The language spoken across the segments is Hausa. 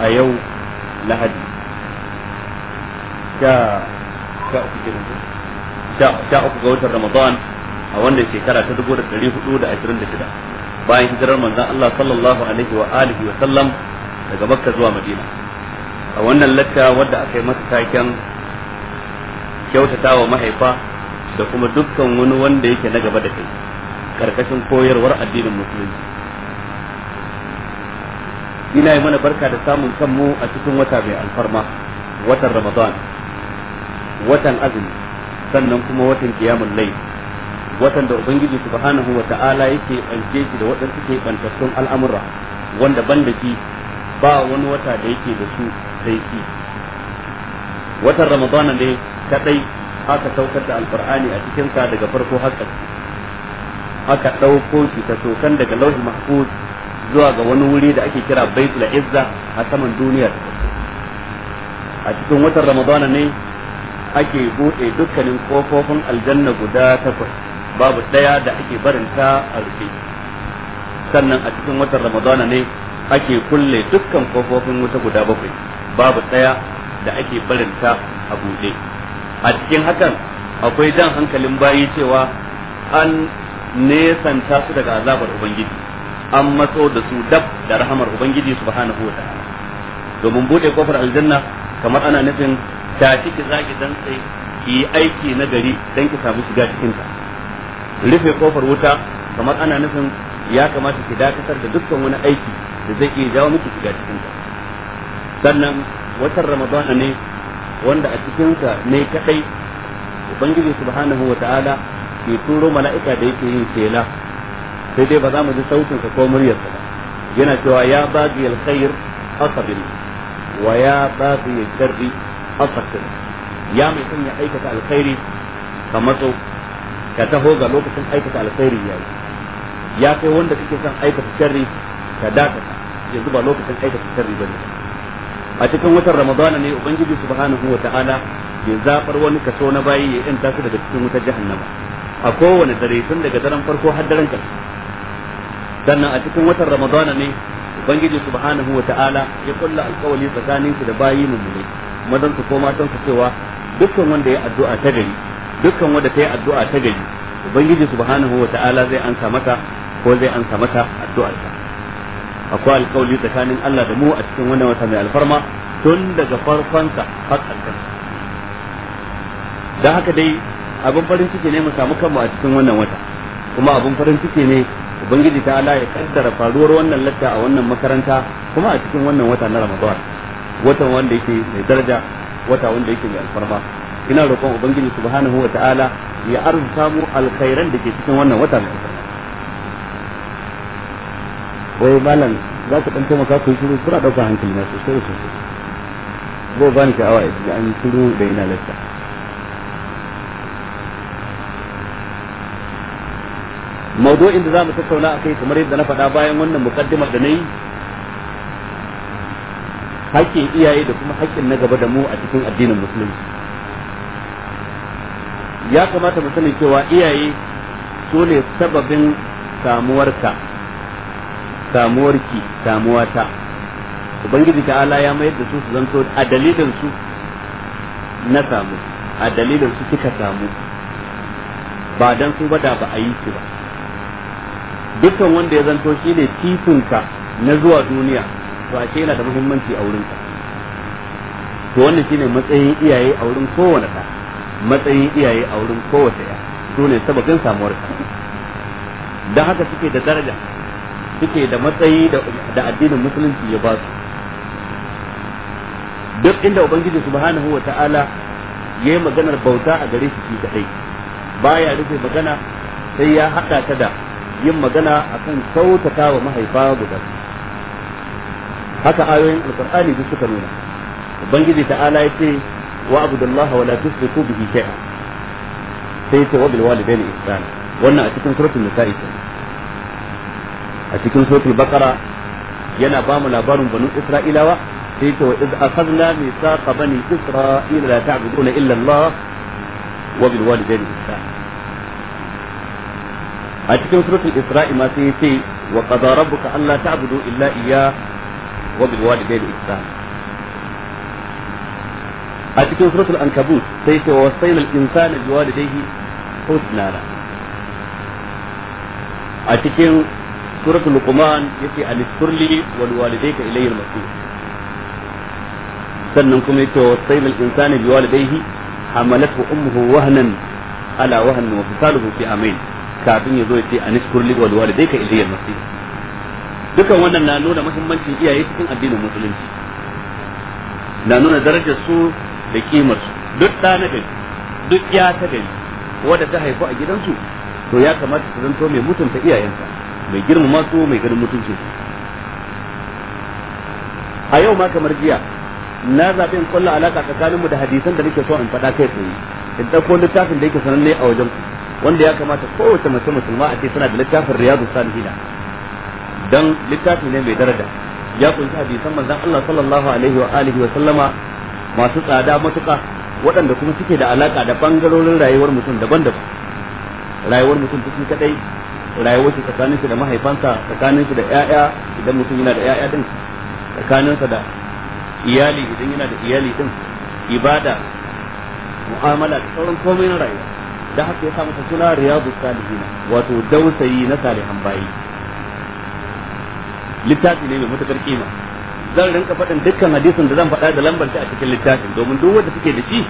a yau lahadi sha uku ga watan ramadan a wanda shekara ta dubu da ɗari hudu da ashirin da shida bayan hijirar manzan Allah sallallahu alaihi wa alihi wa sallam daga makka zuwa madina a wannan latta wadda aka yi masa taken kyautatawa mahaifa da kuma dukkan wani wanda yake na gaba da kai karkashin koyarwar addinin musulunci ina yi mana barka da samun kanmu a cikin wata mai alfarma watan ramadan watan azumi sannan kuma watan kiyamun lai watan da ubangiji subhanahu wa ta'ala yake ɓance shi da waɗansu ke ɓantattun al'amura wanda ban da shi ba wani wata da yake da su sai shi watan ramadan ne kadai aka saukar da alqur'ani a cikin sa daga farko har haka ɗauko shi ta tokan daga lauhi mahfuz zuwa ga wani wuri da ake kira baitul izza a saman duniya a cikin watan ramadana ne ake buɗe dukkanin kofofin aljanna guda takwas babu ɗaya da ake barinta a rufe sannan a cikin watan ramadana ne ake kulle dukkan kofofin wuta guda bakwai babu ɗaya da ake barinta a buɗe a cikin hakan akwai jan hankalin bayi cewa an nesanta su daga azabar ubangiji an matso da su dab da rahamar ubangiji subhanahu wa ta'ala domin bude kofar aljanna kamar ana nufin ta ciki zaki dan sai ki aiki na gari dan ki samu shiga cikin ta rufe kofar wuta kamar ana nufin ya kamata ki dakatar da dukkan wani aiki da zai iya jawo miki shiga cikin ta sannan watan ramadana ne wanda a cikin ta ne kadai ubangiji subhanahu wa ta'ala ke turo mala'ika da yake yin tela sai dai ba za mu ji sautinsa ko muryarsa ba yana cewa ya bagi alkhair asabir wa ya bagi sharri asakir ya mai son ya aikata alkhairi ka matso ka taho ga lokacin aikata alkhairi ya yi ya kai wanda kake son aikata sharri ka dakata yanzu ba lokacin aikata sharri bane a cikin watan ramadana ne ubangiji subhanahu wa ta'ala ya zabar wani kaso na bayi ya yanta su daga cikin wutar jahannama a kowane dare tun daga daren farko har daren ƙarshe sannan a cikin watan ramadana ne ubangiji subhanahu wa ta'ala ya kulla alkawali tsakanin su da bayi mummune madan su ko matan su cewa dukkan wanda ya addu'a ta gari dukkan wanda ta yi addu'a ta gari ubangiji subhanahu wa ta'ala zai ansa mata ko zai ansa mata ta. akwai alkawali tsakanin Allah da mu a cikin wannan wata mai alfarma tun daga farkonsa har ƙarshen dan haka dai abin farin ciki ne mu samu kanmu a cikin wannan wata kuma abin farin ciki ne ubangiji ta Allah ya kaddara faruwar wannan latta a wannan makaranta kuma a cikin wannan wata na Ramadan watan wanda yake mai daraja wata wanda yake mai alfarma ina roƙon ubangiji subhanahu wa ta'ala ya arzuta mu alkhairan da ke cikin wannan wata mai alfarma wai malam za ku dan taimaka ku shiru kuna ɗaukar hankali na sosai sosai zai bani sha'awa ya an shiru da ina latta. maudu'in da zamu tattauna akai kamar yadda na faɗa bayan wannan mukaddimar da nayi haƙƙin iyaye da kuma haƙƙin na gaba da mu a cikin addinin musulunci ya kamata mu sani cewa iyaye su ne sababin samuwarka samuwarki samuwata ubangiji ta'ala ya mayar da su su zanto a dalilin su na samu a dalilin su kika samu ba dan su ba da ba a yi su ba dukkan wanda ya zanto shi ne titinka na zuwa duniya to ashe yana da muhimmanci a wurinka to wannan shine matsayin iyaye a wurin kowane ɗa matsayin iyaye a wurin kowace ya su ne sababin samuwar ta don haka suke da daraja suke da matsayi da addinin musulunci ya ba su duk inda ubangiji subhanahu wa ta'ala ya yi maganar bauta a gare shi shi kadai baya rufe magana sai ya haɗa ta da yin magana akan kautata wa mahaifa guda haka ayoyin alkur'ani duk suka nuna ubangiji ta'ala yace wa abudullahi wa la tusriku bihi shay'a sai ta wabil walidaini ihsan wannan a cikin suratul nisa'i a cikin suratul baqara yana ba mu labarin banu isra'ilawa sai ta wa iz akhadna mithaqa bani isra'ila la ta'buduna illa allah wa bil walidayni ihsana a cikin suratul isra'i ma sai yace wa qada rabbuka alla ta'budu illa iyya wa bil walidayni ihsan a cikin suratul ankabut sai yace wa wasaina al insana bi walidayhi husna a cikin suratul luqman yace an iskurli wal walidayka ilayya al masir sannan kuma yace wa wasaina al insana bi walidayhi hamalatu ummuhu wahnan ala wahnin wa fisaluhu fi amayn kafin ya zo ya ce nishkur kurli wal walidai ka al-masir dukan wannan na nuna muhimmancin iyaye cikin addinin musulunci na nuna darajar su da kimar su duk da na gari duk ya ta gari wanda ta haifu a gidansu to ya kamata su zanto mai mutunta iyayensa mai girmama su mai ganin mutuncin su a yau ma kamar jiya na zaɓi in kulla alaƙa tsakaninmu da hadisan da nake so in faɗa kai tsaye in ɗauko littafin da yake sananne a wajen ku wanda ya kamata kowace mace musulma a ce tana da littafin riyadu salihin dan littafi ne mai daraja ya kunshi hadisan manzon Allah sallallahu alaihi wa alihi wa sallama masu tsada matuƙa waɗanda kuma suke da alaka da bangarorin rayuwar mutum daban-daban rayuwar mutum cikin kadai rayuwar shi tsakanin shi da mahaifansa tsakanin shi da ƴaƴa idan mutum yana da ƴaƴa din tsakanin sa da iyali idan yana da iyali din ibada mu'amala da sauran komai na rayuwa da haka ya sa masa suna riyadu salihina wato dausayi na salihan bayi littafi ne mai matakar kima zan rinka faɗin dukkan hadisin da zan faɗa da lambar ta a cikin littafin domin duk wanda suke da shi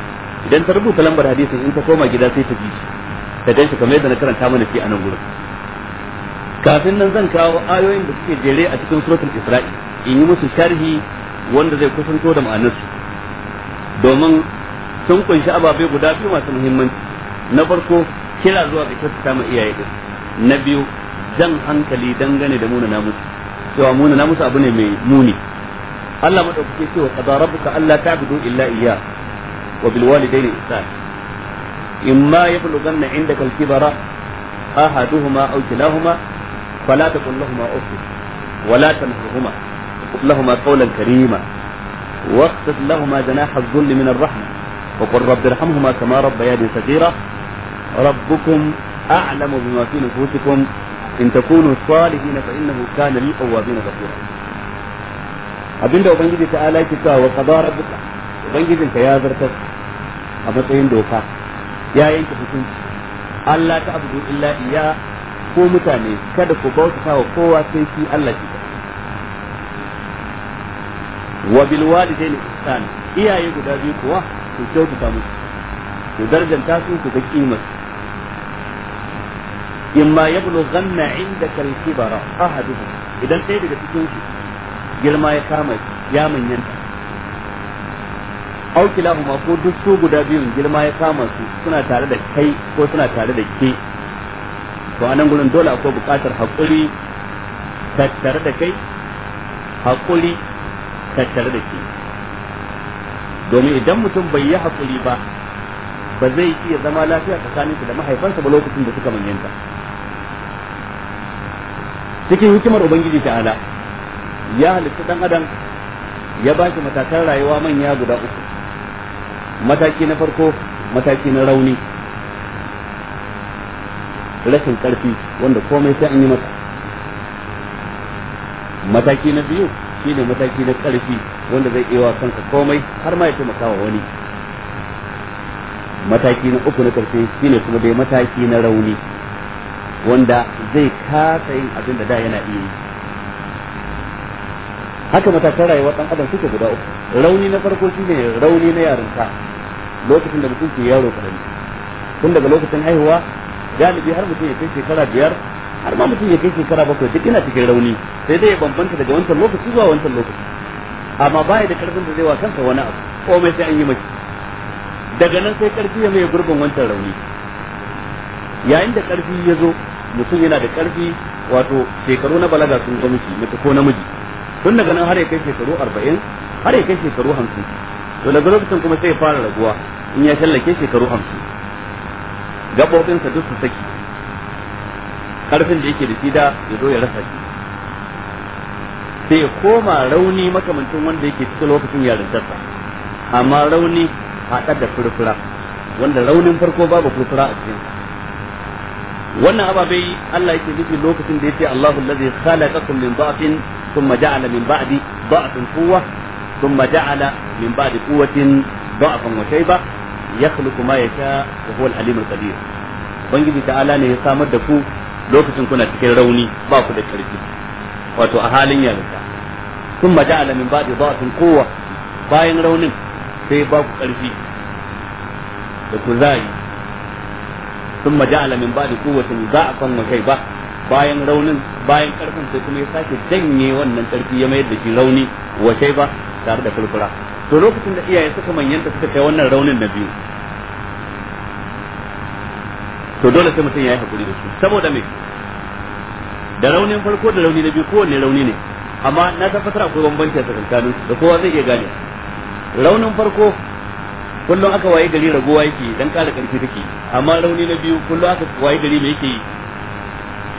idan ta rubuta lambar hadisin in ta koma gida sai ta ji shi ta ganshi kamar yadda na karanta mana shi a nan gurin kafin nan zan kawo ayoyin da suke jere a cikin suratul isra'i in yi musu sharhi wanda zai kusanto da ma'anarsu domin sun kunshi ababai guda biyu masu muhimmanci na farko kira zuwa ga kyautata ma iyaye din na biyu jan hankali dangane da muna namu cewa muna namu abu ne mai muni Allah madaukake cewa qada rabbuka alla ta'budu illa iyyah wa bil walidayni ihsan imma yablughanna indaka al kibara ahaduhuma aw kilahuma fala taqul lahumā uff wa la tanharhumā وقل لهما قولا كريما واخفض لهما جناح الذل من الرحمه وقل رب ارحمهما كما ربياني صغيرا ربكم أعلم بما في نفوسكم إن تكونوا صالحين فإنه كان للأوابين غفورا abinda ubangiji ta ala ki wa qada rabbuka ubangijin ka ya zartar a matsayin doka ya yanke hukunci Allah ta abudu illa iya ko mutane kada ku bauta wa kowa sai shi Allah ki wa bil walidaini ihsan iyaye guda biyu kuwa ku kyautata musu ku darjanta su ku ga kimar imma yablughanna indaka al a ahaduhum idan ɗaya daga cikin shi girma ya kama ya manyanta auki kilahuma ko duk su guda biyun girma ya kama su suna tare da kai ko suna tare da ke to anan gudun dole akwai buƙatar haƙuri tattare da kai haƙuri tattare da ke domin idan mutum bai yi haƙuri ba ba zai iya zama lafiya tsakaninsa da mahaifansa ba lokacin da suka manyanta cikin hikimar ubangiji ta'ala ya halitta dan adam ya ba shi matakan rayuwa manya guda uku mataki na farko mataki na rauni rashin karfi wanda komai sai an yi masa mataki na biyu shine mataki na karfi wanda zai iya kansa komai har ma ya taimaka wani mataki na uku na karfi shine kuma dai mataki na rauni wanda zai kasa yin abin da da yana iya yi haka matakan rayuwar dan adam suke guda uku rauni na farko shine rauni na yarinta lokacin da mutum ke yaro karami tun daga lokacin haihuwa galibi har mutum ya kai shekara biyar har ma mutum ya kai shekara bakwai duk yana cikin rauni sai dai ya bambanta daga wancan lokaci zuwa wancan lokaci amma baya da karfin da zai wa kansa wani abu komai sai an yi mace daga nan sai karfi ya mai gurbin wancan rauni yayin da karfi ya zo mutum yana da ƙarfi wato shekaru na balaga sun zo miki mace ko namiji tun daga nan har ya kai shekaru arba'in har ya kai shekaru hamsin to daga lokacin kuma sai ya fara raguwa in ya tallake shekaru hamsin gaɓoɓinsa duk su saki karfin da yake da shi da ya zo ya rasa shi sai koma rauni makamancin wanda yake cikin lokacin yarintarsa amma rauni a da furfura wanda raunin farko babu furfura a cikinsa wannan ababai Allah yake nufi lokacin da yace Allahu allazi khalaqakum min dha'fin thumma ja'ala min ba'di quwwa thumma ja'ala min ba'di quwwatin wa shayba yakhluqu ma yasha wa huwa al-alim al-qadir ubangiji ta'ala ne ya samar da ku lokacin kuna cikin rauni ba ku da karfi wato a halin thumma ja'ala min ba'di quwwa bayan raunin sai ba ku karfi da kuzari thumma ja'ala min ba'di quwwatin da'afan wa shayba bayan raunin bayan karfin sai kuma ya sake janye wannan karfi ya mayar da shi rauni wa shayba tare da kurkura to lokacin da iyaye suka manyanta suka kai wannan raunin na biyu to dole sai mutum ya yi hakuri da su saboda me da raunin farko da rauni na biyu kowanne rauni ne amma na tabbatar akwai bambanci a tsakankanin da kowa zai iya gane raunin farko kullum aka waye gari raguwa yake dan ƙara karfi take amma rauni na biyu kullum aka waye gari me yake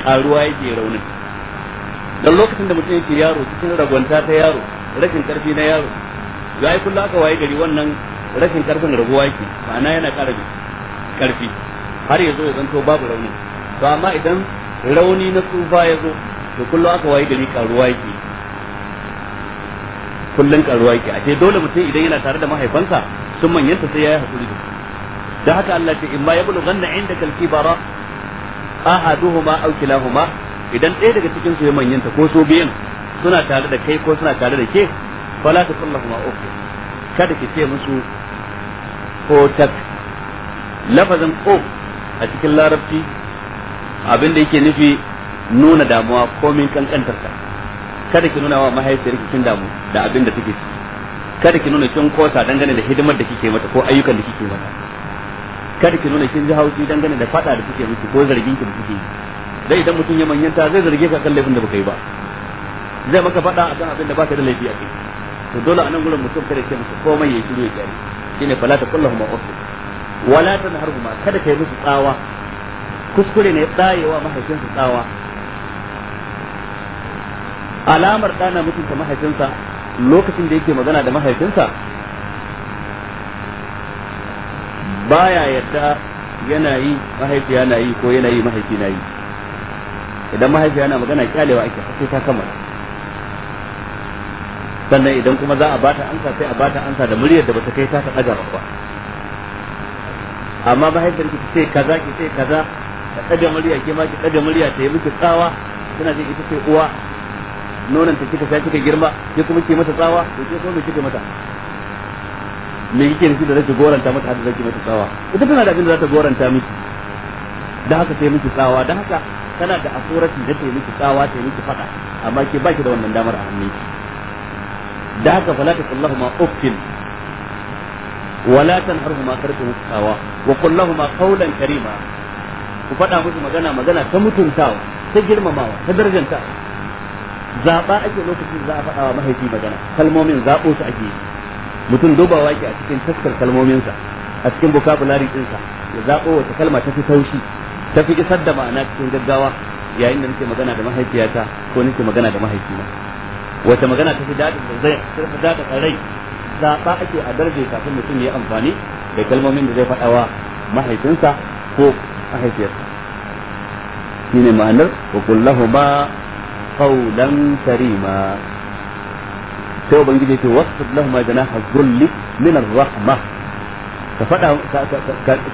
karuwa yake rauni dan lokacin da mutum yake yaro cikin ragwanta ta yaro rashin ƙarfi na yaro yayi kullum aka waye gari wannan rashin karfin raguwa yake ma'ana yana ƙara ƙarfi har ya zo ya zanto babu rauni to amma idan rauni na tsufa ya zo to kullum aka waye gari karuwa yake kullum karuwa yake a ce dole mutum idan yana tare da mahaifansa sun manyanta sai yayi hakuri da su da haka Allah ce in ma ya bulu ganna inda kalki bara ahaduhuma aw kilahuma idan ɗaya daga cikin su ya manyanta ko so biyan suna tare da kai ko suna tare da ke fala ta ma uku kada ki ce musu ko tak lafazin ko a cikin larabci abin da yake nufi nuna damuwa ko min kankantarta kada ki nuna wa mahaifiyarki kin damu da abin da take ciki kada ki nuna kin kosa dangane da hidimar da kike mata ko ayyukan da kike mata kada ki nuna kin ji haushi dangane da fada da kike miki ko zargin ki da kike yi dai idan mutum ya manyanta zai zarge ka kan laifin da baka yi ba zai maka fada akan abin da baka da laifi a kai to dole anan gurin mutum kada ki musu komai ya shiru ya kyale shine fala ta kullahu ma ufu wala tanharhuma kada kai musu tsawa kuskure ne tsayewa mahaifinsa tsawa alamar dana mutunta mahaifinsa lokacin da yake magana da mahaifinsa baya yadda yana yi mahaifi yana yi ko yana yi mahaifi na yi idan mahaifi yana magana kyalewa ake sai ta kammala sannan idan kuma za a bata ansa sai a bata ansa da muryar da bata kai ta ta daga ba amma mahaifin ki sai kaza ki sai kaza ta daga murya ke ma ki daga murya ta yi miki tsawa tana jin ita sai uwa nonon ta kika sai kika girma ya kuma ke mata tsawa to ke so me kike mata me yake nufi da zaki goranta mata har da zaki mata tsawa ita tana da abin da za ta goranta miki dan haka sai miki tsawa dan haka tana da asurati da ta yi miki tsawa ta yi miki fada amma ke baki da wannan damar a hannun dan haka fala ta kullahu ma uffin wala tanharhu ma karatu tsawa wa kullahu ma qawlan karima ku fada musu magana magana ta mutuntawa ta girmamawa ta darjanta. zaɓa ake lokacin za a faɗa wa mahaifi magana kalmomin zaɓo su ake yi mutum dubawa ke a cikin taskar kalmominsa a cikin vocabulary ɗinsa ya zaɓo wata kalma ta fi taushi ta fi isar da ma'ana cikin gaggawa yayin da nake magana da mahaifiyata ko nake magana da mahaifina wata magana ta fi daɗin da zai sarfa daɗin a rai zaɓa ake a darbe kafin mutum ya amfani da kalmomin da zai faɗa wa mahaifinsa ko mahaifiyarsa shine ma'anar wa kullahu ba قولا كريما توبن جيتي وقصد لهما جناح الذل من الرحمة ففتح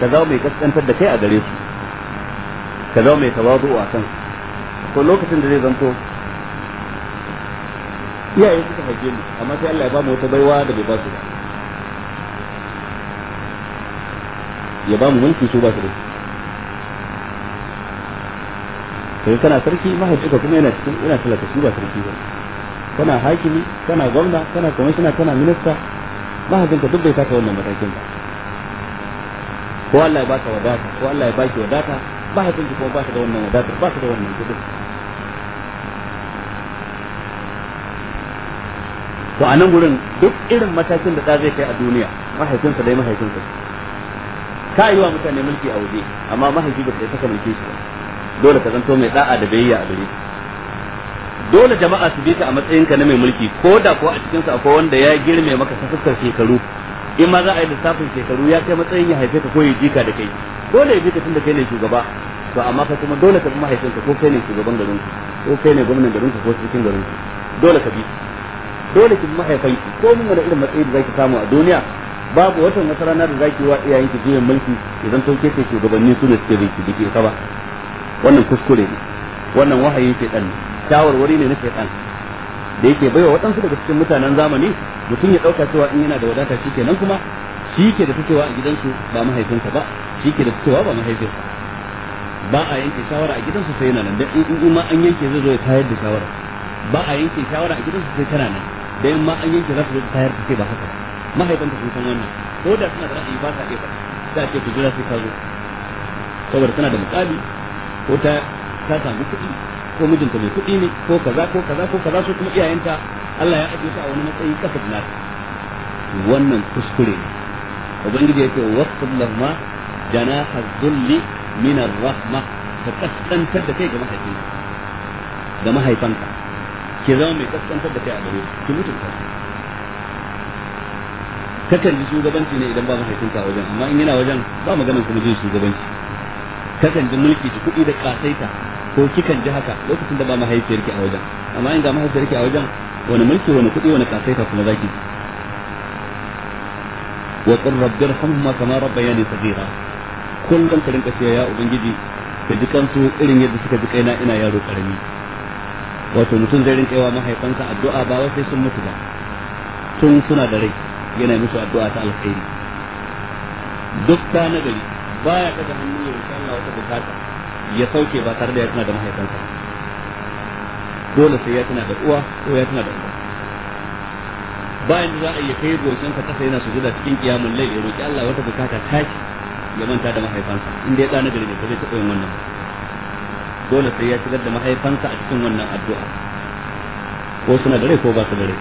كذومي كسن فد شيء أدريس كذومي تواضع عشان كل لوك سندري زنتو يا إيش تهجم أما في الله يبام وتبيوا دبي باسوا يبام ملكي شو باسوا sai kana sarki mahaifinka kuma yana cikin yana talaka shi ba sarki ba kana hakimi kana gwamna kana kwamishina kana minista mahaifinka duk bai taka wannan matakin ba ko Allah ya baka wadata ko Allah ya baki wadata mahaifinki kuma baka da wannan wadata ba ka da wannan kudin to a nan gurin duk irin matakin da ɗa zai kai a duniya mahaifinsa dai mahaifinsa ka yi wa mutane mulki a waje amma mahaifi ba ta saka mulki shi ba dole ka zanto mai da'a da bayyana a gare dole jama'a su bi ka a matsayinka na mai mulki ko da ko a cikin su akwai wanda ya girme maka ta fuskar shekaru in ma za a yi lissafin shekaru ya kai matsayin ya haife ka ko ya jika da kai dole ya ka tunda kai ne shugaba to amma ka kuma dole ka bi mahaifinka ko kai ne shugaban garin ko kai ne gwamnan garin ko cikin garin dole ka bi dole ki mahaifanki ko mun wani irin matsayi da zaki samu a duniya babu wata nasara na da zaki wa iyayen ki juyin mulki idan to ke shugabanni su ne suke bi ki ba wannan kuskure ne wannan wahayin shaitan ne shawarwari ne na shaitan da yake baiwa waɗansu daga cikin mutanen zamani mutum ya ɗauka cewa in yana da wadata shi kenan kuma shi ke da fitowa a gidansu ba mahaifinsa ba shi ke da fitowa ba mahaifinsa ba a yanke shawara a gidansu sai yana nan da in ma an yanke zai zo ya tayar da shawara ba a yanke shawara a gidansu sai tana nan da in ma an yanke za su zo tayar da ba haka mahaifinta sun san wannan ko da suna da ra'ayi ba sa iya ba sai a ce ku jira sai ka zo saboda tana da misali ko ta ta samu kuɗi ko mijinta mai kuɗi ne ko kaza ko kaza ko kaza su kuma iyayenta Allah ya ajiye ta a wani matsayi kasa da nata wannan kuskure ne ubangiji ya ce wasfud lahma janaha dhulli min ar-rahma ka kaskantar da kai ga mahaifinka ga mahaifanka ki zama mai kaskantar da kai a gare ki mutunta kakan ji shugabanci ne idan ba mahaifinka wajen amma in yana wajen ba maganar kuma jin shugabanci kakan ji mulki da kuɗi da kasaita ko kikan ji haka lokacin da ba mahaifiyarki a wajen amma in ga mahaifiyarki a wajen wani mulki wani kuɗi wani kasaita kuma za ki wa qur rabbi irhamhuma kama rabbayani saghira kullum ka rinka cewa ya ubangiji ka ji kansu irin yadda suka ji kaina ina yaro karami wato mutum zai rinka yawa mahaifansa addu'a ba wai sai sun mutu ba tun suna da rai yana musu addu'a ta alkhairi duk ta nagari baya daga hannu ya insha Allah wata bukata ya sauke ba tare da ya tana da mahaifinsa dole sai ya tana da uwa ko ya tana da uwa bayan da za a yi kai goshin ka kasa yana sujuda cikin kiyamun layl ya roki Allah wata bukata ki ya manta da mahaifansa inda ya tsana gari ne ta zai taɓa yin wannan dole sai ya shigar da mahaifansa a cikin wannan addu'a ko suna da rai ko ba su da rai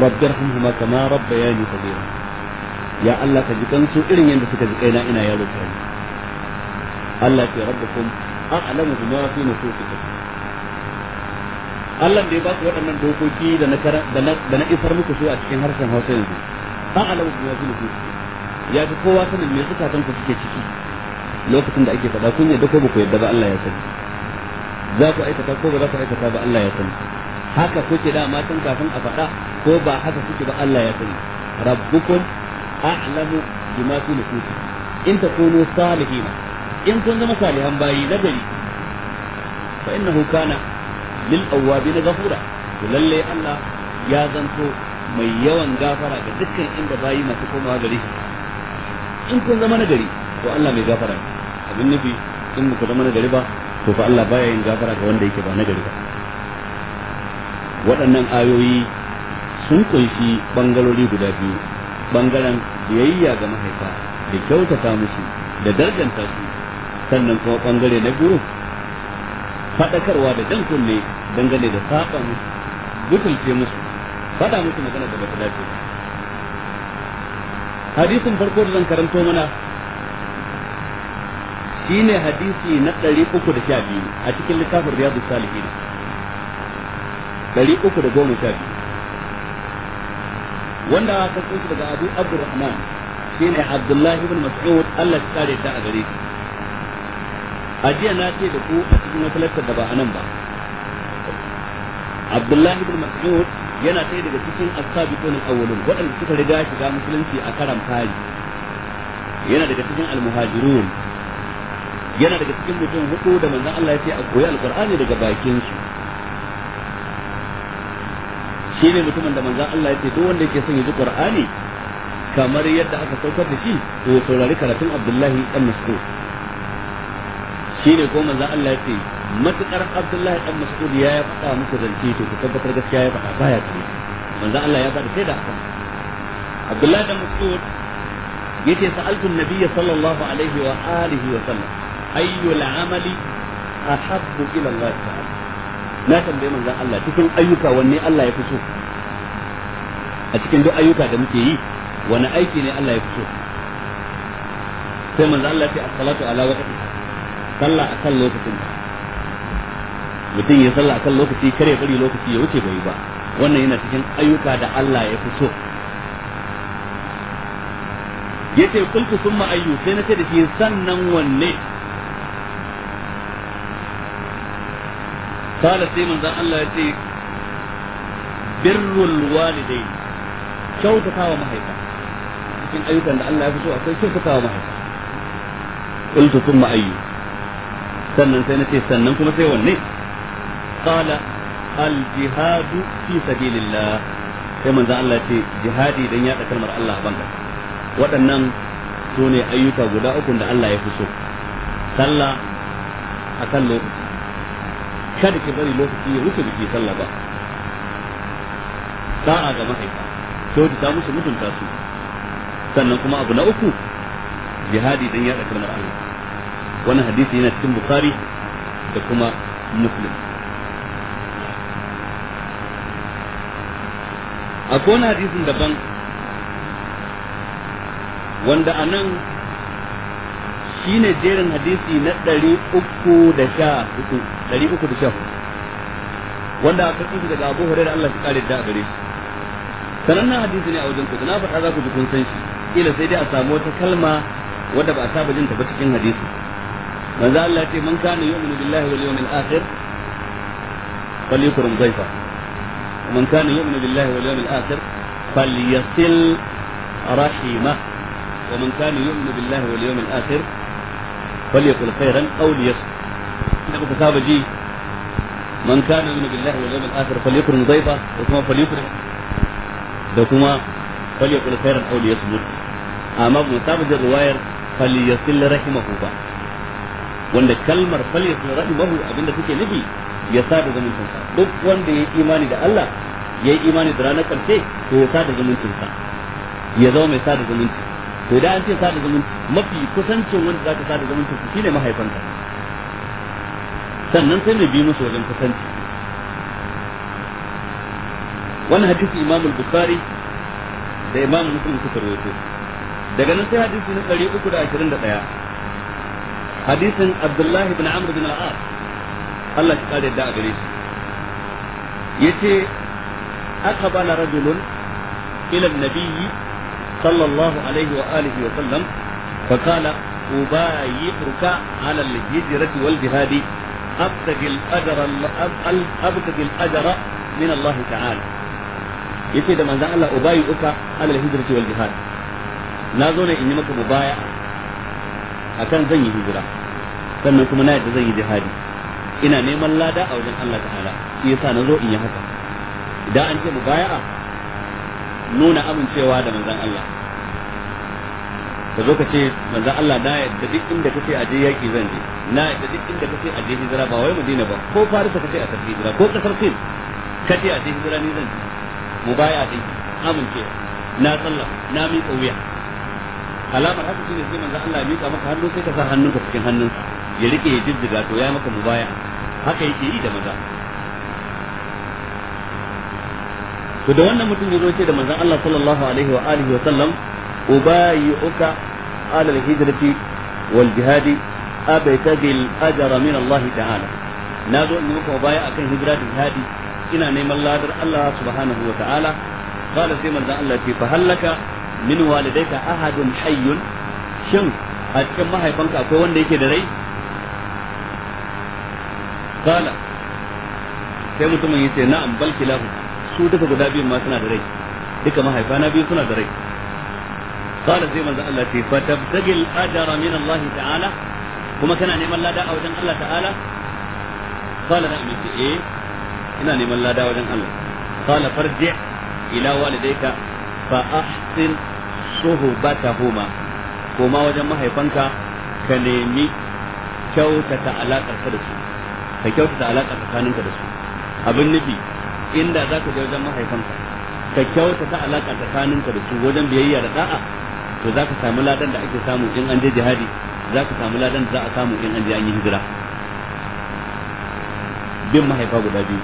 rabbirhum huma kama rabbayani saghira ya Allah ka ji kansu irin yadda suka ji kaina ina yaro kai Allah ke rabbukum a'lamu bima fi nufusikum Allah da ya ba ku waɗannan dokoki da na da na isar muku su a cikin harshen Hausa yanzu a'lamu bima fi nufusikum ya fi kowa sanin me zukatan ku suke ciki lokacin da ake faɗa kun yadda ko ba ku yadda ba Allah ya sani za ku aikata ko ba za ku aikata ba Allah ya sani haka kuke da matan kafin a faɗa ko ba haka kuke ba Allah ya sani rabbukum a'lamu bima fi nufusi in takunu salihina in kun zama salihan bayi nagari fa innahu kana lil awwabina ghafura to lalle Allah ya zanto mai yawan gafara ga dukkan inda bayi masu komawa gare shi in kun zama nagari to Allah mai gafara abin nufi in ku zama nagari ba to fa Allah baya yin gafara ga wanda yake ba na gari ba waɗannan ayoyi sun kunshi bangalori guda biyu bangaren biyayya ga mahaifa da kyautata musu da darjanta su sannan kuma bangare na biyu faɗakarwa da jan kunne dangane da saba musu butulce musu faɗa musu magana da bata dace hadisin farko da zan karanto mana shine hadisi na 312 a cikin littafin riyadu salihin 312 wanda ka tsinci daga Abu Abdurrahman shine Abdullah ibn Mas'ud Allah ya tsare ta a gare shi ajiya na ce da ku a cikin wata lakta da ba anan ba Abdullah ibn Mas'ud yana tsaye daga cikin as-sabiqun al-awwalun waɗanda suka riga shiga musulunci a karan fari yana daga cikin al-muhajirun yana daga cikin mutum hudu da manzon Allah ya ce a koyi alqur'ani daga bakin su shi ne mutumin da manzan Allah ya ce duk wanda yake son ya ji Qur'ani kamar yadda aka saukar da shi to ya saurari karatun Abdullahi dan Mas'ud shi ne ko manzan Allah ya ce matukar Abdullahi dan Mas'ud ya ya faɗa muku zance to ku tabbatar gaskiya ya faɗa baya ce manzan Allah ya faɗa sai da akan Abdullahi dan Mas'ud yace sa'altu an-nabiyya sallallahu alaihi wa alihi wa sallam ayyul amali ahabbu ila Allah ta'ala na tambaye manzon Allah cikin ayyuka wanne Allah ya fi so a cikin duk ayyuka da muke yi wani aiki ne Allah ya fi so sai manzon Allah ya ce as-salatu ala waqti sallah akan lokacin mutum ya sallah akan lokaci kare bari lokaci ya wuce bai ba wannan yana cikin ayyuka da Allah ya fi so yace kultu summa ayyu sai na ce da shi sannan wanne قال سيمن ذا الله يتيك بر الوالدين كوتا تاوى مهيكا لكن أيوكا ذا الله يفسوا أكثر كوتا تاوى مهيكا قلت ثم أيو سنن سنتي سنن كما سيواني قال الجهاد في سبيل الله سيمن ذا الله يتيك جهادي دنيا تكلمر الله بانك وأنن سوني أيوكا غداؤكم ذا الله يفسوا سلا أكلوا kada ki bari lokaci ya wuce biki sallah ba saa ga mahaifa ta musu mutunta su sannan kuma abu na uku jihadi dan yaɗa kalmar Allah wani hadisi yana cikin bukhari da kuma muslim akwai wani hadisin daban wanda anan. shine jerin hadisi na 314 wanda aka karɓi daga Abu Hurairah Allah ya kare da gare shi sanannan hadisi ne a wajen ku na faɗa za ku ji kun san shi kila sai dai a samu wata kalma wadda ba a saba jin ta ba cikin hadisi manzo Allah ce man kana yu'minu billahi wal yawmil akhir falyakrum dhayfa man kana yu'minu billahi wal yawmil akhir falyasil rahimah ومن كان يؤمن بالله واليوم الآخر falyakul khairan aw liyasmut da kuka saba ji man kana yu'minu billahi wal yawmil akhir falyakun dhayfa da kuma falyakun da kuma falyakul khairan aw liyasmut amma mun saba jin riwayar falyasil rahimahu ba wanda kalmar falyasil rahimahu abinda take nufi ya sada zumuncinsa duk wanda ya yi imani da Allah ya yi imani da ranar karshe ya ya zama mai sada to idan an ce sada zumunci mafi kusancin wanda za ka sada zumunci su shine mahaifanka sannan sai mai bi musu wajen kusanci wannan hadisi imam al-bukhari da imam muslim suka rawaito daga nan sai hadisi na 321 hadisin abdullahi ibn amr bin al-as Allah ya kare da a gare shi yace aqbala rajulun ila an-nabiyyi صلى الله عليه وآله وسلم فقال أبايعك على الهجرة والجهاد أبتغي الأجر أبتغي الأجر من الله تعالى yace da manzon Allah ubayi uka alal hijrati wal jihad na zo ne in yi maka mubaya akan zan yi hijira kuma na yadda zan yi jihadi ina neman lada a wajen Allah ta'ala shi yasa na zo in yi haka idan an ce mubaya'a nuna amincewa da manzon Allah ka zo ka ce manzo Allah na yadda duk inda kace a je yaki zan je na yadda duk inda kace a je hijira ba wai Madina ba ko Farisa kace a tafi hijira ko kasar Sin kace a je hijira ni zan je mubaya din amince na sallah na mi kauya alamar haka shine sai manzo Allah ya mika maka hannu sai ka sa ka cikin hannunsa ya rike ya jijjiga to ya maka mubaya haka yake yi da maza to da wannan mutum ya zo ce da manzon Allah sallallahu alaihi wa alihi wa sallam أبايعك على الهجرة والجهاد أبتغي الأجر من الله تعالى نادو أن يوكو بايع أكن هجرة الجهاد إنا نيم الله الله سبحانه وتعالى قال سيما الله فهل لك min walidayka ahadun hayyun shin a cikin mahaifanka akwai wanda yake da rai sai mutumin yace na'am bal kilahu su duka guda biyu ma suna da rai duka mahaifa na biyu suna da rai qala sai manzo Allah ce fa tabtagil ajra min Allah ta'ala kuma kana neman lada a wajen Allah ta'ala qala da mai eh ina neman lada wajen Allah qala farji ila walidayka fa ahsin suhbatahuma kuma wajen mahaifanka ka nemi kyautata alakar ka da su ka kyautata tsakaninka da su abin nufi inda za ka je wajen mahaifanka ka kyautata alaƙa tsakaninka da su wajen biyayya da da'a to za ka samu ladan da ake samu in an je jihadi za ka samu ladan da za a samu in an je an yi hijira bin mahaifa guda biyu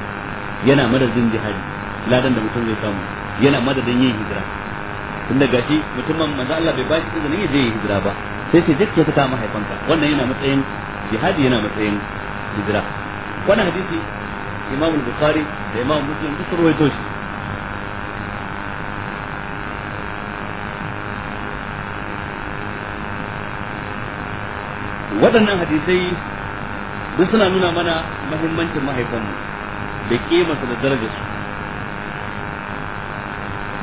yana madadin jihadi ladan da mutum zai samu yana madadin yin hijira tun da gashi mutumin manzo Allah bai bashi izinin ya je hijira ba sai sai jikka ta mahaifanka wannan yana matsayin jihadi yana matsayin hijira wannan hadisi Imam Bukhari da Imam Muslim duk rawaito shi waɗannan hadisai duk suna nuna mana mahimmancin mahaifanmu da kimarsa da su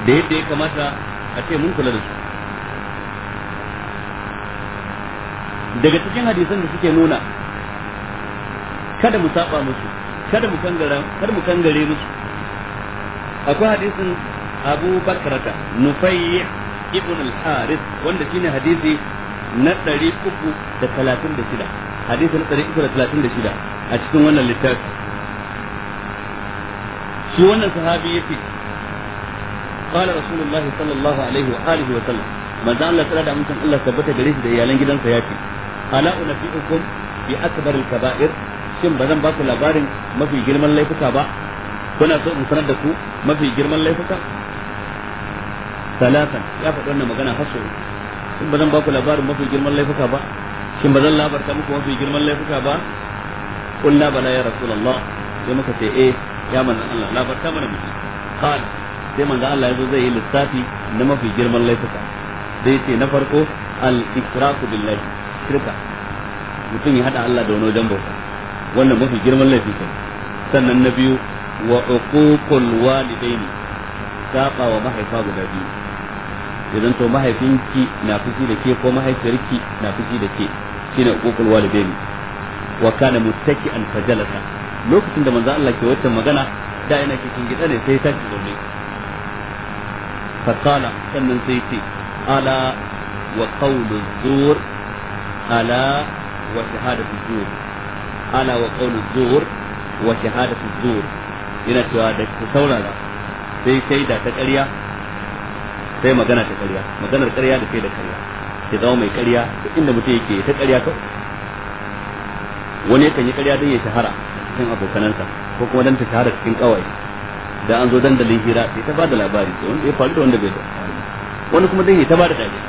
da yadda ya kamata a ce mun kula da su daga cikin hadisan da suke nuna kada mu saba musu kada mu kangara kada mu kangare musu akwai hadisin Abu Bakrata nufayyi ibn al-Harith wanda shine hadisi na 336 hadisi na 336 a cikin wannan littafi shi wannan sahabi yake قال رسول الله صلى الله عليه واله وسلم ما زال الله تعالى دعمكم الله ثبت gare shi da iyalan gidansa yace ala unafiukum bi akbar al kaba'ir shin ba zan ba ku labarin mafi girman laifuka ba kuna so in sanar da ku mafi girman laifuka salatan ya faɗi magana har in ba zan ba ku labarin mafi girman laifuka ba shin ba zan labarta muku mafi girman laifuka ba kullu bala ya rasulullah sai muka ce eh ya manzon Allah labarta mana mu kan sai manzon Allah yazo zai yi lissafi na mafi girman laifuka zai ce na farko al ikraku billahi shirka mutum ya hada Allah da wani wajen bauta wannan mafi girman laifi kai sannan na biyu wa uququl walidaini saba wa mahaifa guda biyu idan to mahaifinki na fushi da ke ko mahaifiyarki na fushi da ke shine uqul walidaini wa kana muttaki'an fajalasa lokacin da manzo Allah ke wacce magana da yana cikin gida ne sai ta zaune fakala sannan sai ce ala wa qawlu zur ala wa shahadatu zur ala wa qawlu zur wa shahadatu zur yana cewa da ku saurara sai da ta ƙarya sai magana ta ƙarya maganar ƙarya da sai da ƙarya ya zama mai ƙarya duk inda mutum yake ta ƙarya kawai wani yakan yi ƙarya don ya shahara cikin abokanansa ko kuma don ta shahara cikin kawai da an zo dandalin hira sai ta bada labari to wanda ya faru da wanda bai da wani kuma don ya ta bada dariya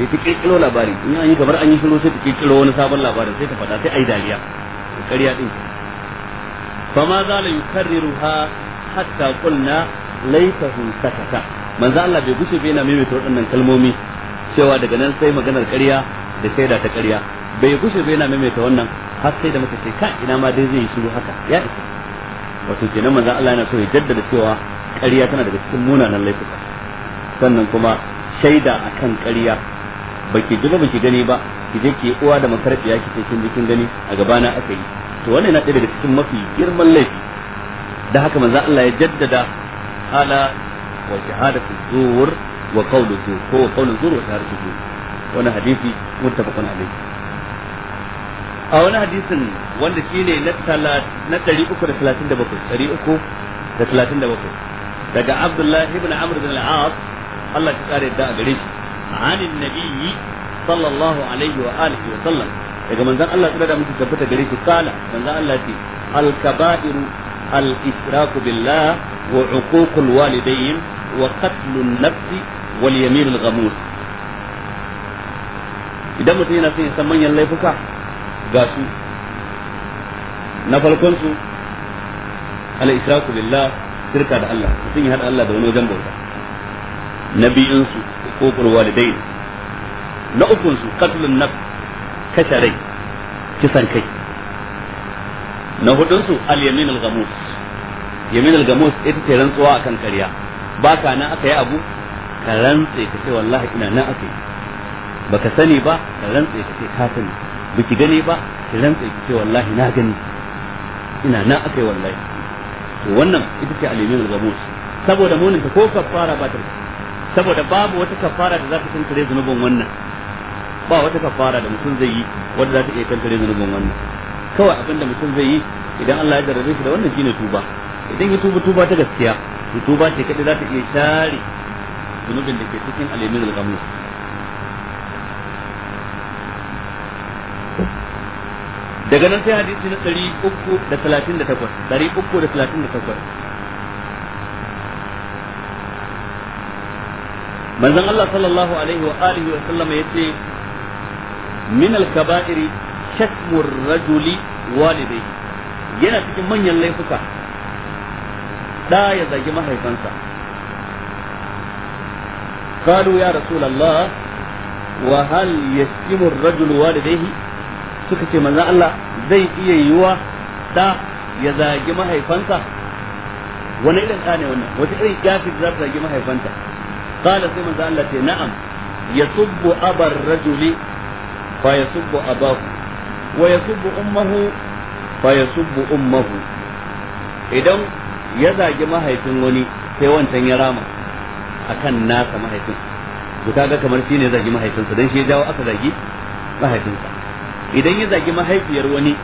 ya ta kirkiro labari in yi kamar an yi shiru sai ta kirkiro wani sabon labarin sai ta faɗa sai a yi dariya ƙarya ɗin fa ma za la yukarriruha hatta qulna laytahu sakata manzo Allah bai gushe bai na waɗannan kalmomi cewa daga nan sai maganar ƙarya da shaida ta ƙarya bai gushe bai na maimaita wannan har sai da muka ce ka ina ma dai zai yi shiru haka ya isa wato kenan manzo Allah yana so ya jaddada cewa ƙarya tana daga cikin munanan laifuka sannan kuma shaida akan ƙarya baki ji ba baki gani ba ki je ki uwa da makarfiya ki ce kin jikin gani a gaba na aka yi to wannan yana ɗaya daga cikin mafi girman laifi da haka manzo Allah ya jaddada ala wa shahadatu zur wa qawlu zur ko qawlu zur wa shahadatu zur wannan a wani hadisin wanda shine na na 337 337 daga Abdullah ibn Amr ibn al-As Allah ya kare da gare shi عن sallallahu صلى wa عليه wa sallam daga manzon Allah tsira da muke tabbata gare shi kala manzon Allah ce al kaba'iru al israku billah wa uququl walidayn wa qatlun nafsi wal idan mutum yana son ya san manyan laifuka ga su na farkon su al israku billah shirka da Allah mutum ya hada Allah da wani wajen bauta na biyun su ko dai. na ukun su qatlun kashe rai kisan kai na hudun su al yaminul ghamus yaminul gamus ita ce rantsuwa akan karya ba ka aka yi abu ka rantse ka ce wallahi ina na aka yi baka sani ba ka rantse ka ce ka sani biki gani ba ka rantse ka ce wallahi na gani ina na aka yi wallahi to wannan ita ce alimin al-gamus saboda munin ka ko kafara ba ta saboda babu wata kafara da za ta kankare zunubin wannan ba wata kafara da mutum zai yi wanda za ta iya kankare zunubin wannan kawai abinda mutum zai yi idan Allah ya jarrabe shi da wannan shine tuba idan ya tuba tuba ta gaskiya to tuba ce kadai za ta iya share zunubin da ke cikin alimin al-ghamus daga nan sai hadisi na 338 338 manzon Allah sallallahu alaihi wa alihi wa sallama yace min al-kaba'iri shakmur rajuli walidayhi yana cikin manyan laifuka da ya zagi mahaifansa qalu ya rasulullah wa hal yasjimu ar-rajulu walidayhi suka ce manzon Allah zai iya yiwa da ya zagi mahaifansa wani irin ɗa ne wannan wata irin kafir za ta zagi mahaifanta kala sai manzon Allah ce na'am yasubbu abar rajuli fa yasubbu abahu wa yasubbu ummuhu fa yasubbu ummuhu idan ya zagi mahaifin wani sai wancan ya rama akan nasa mahaifin to kaga kamar ya zagi mahaifinsa don shi ya jawo aka zagi mahaifinsa idan ya zagi mahaifiyar wani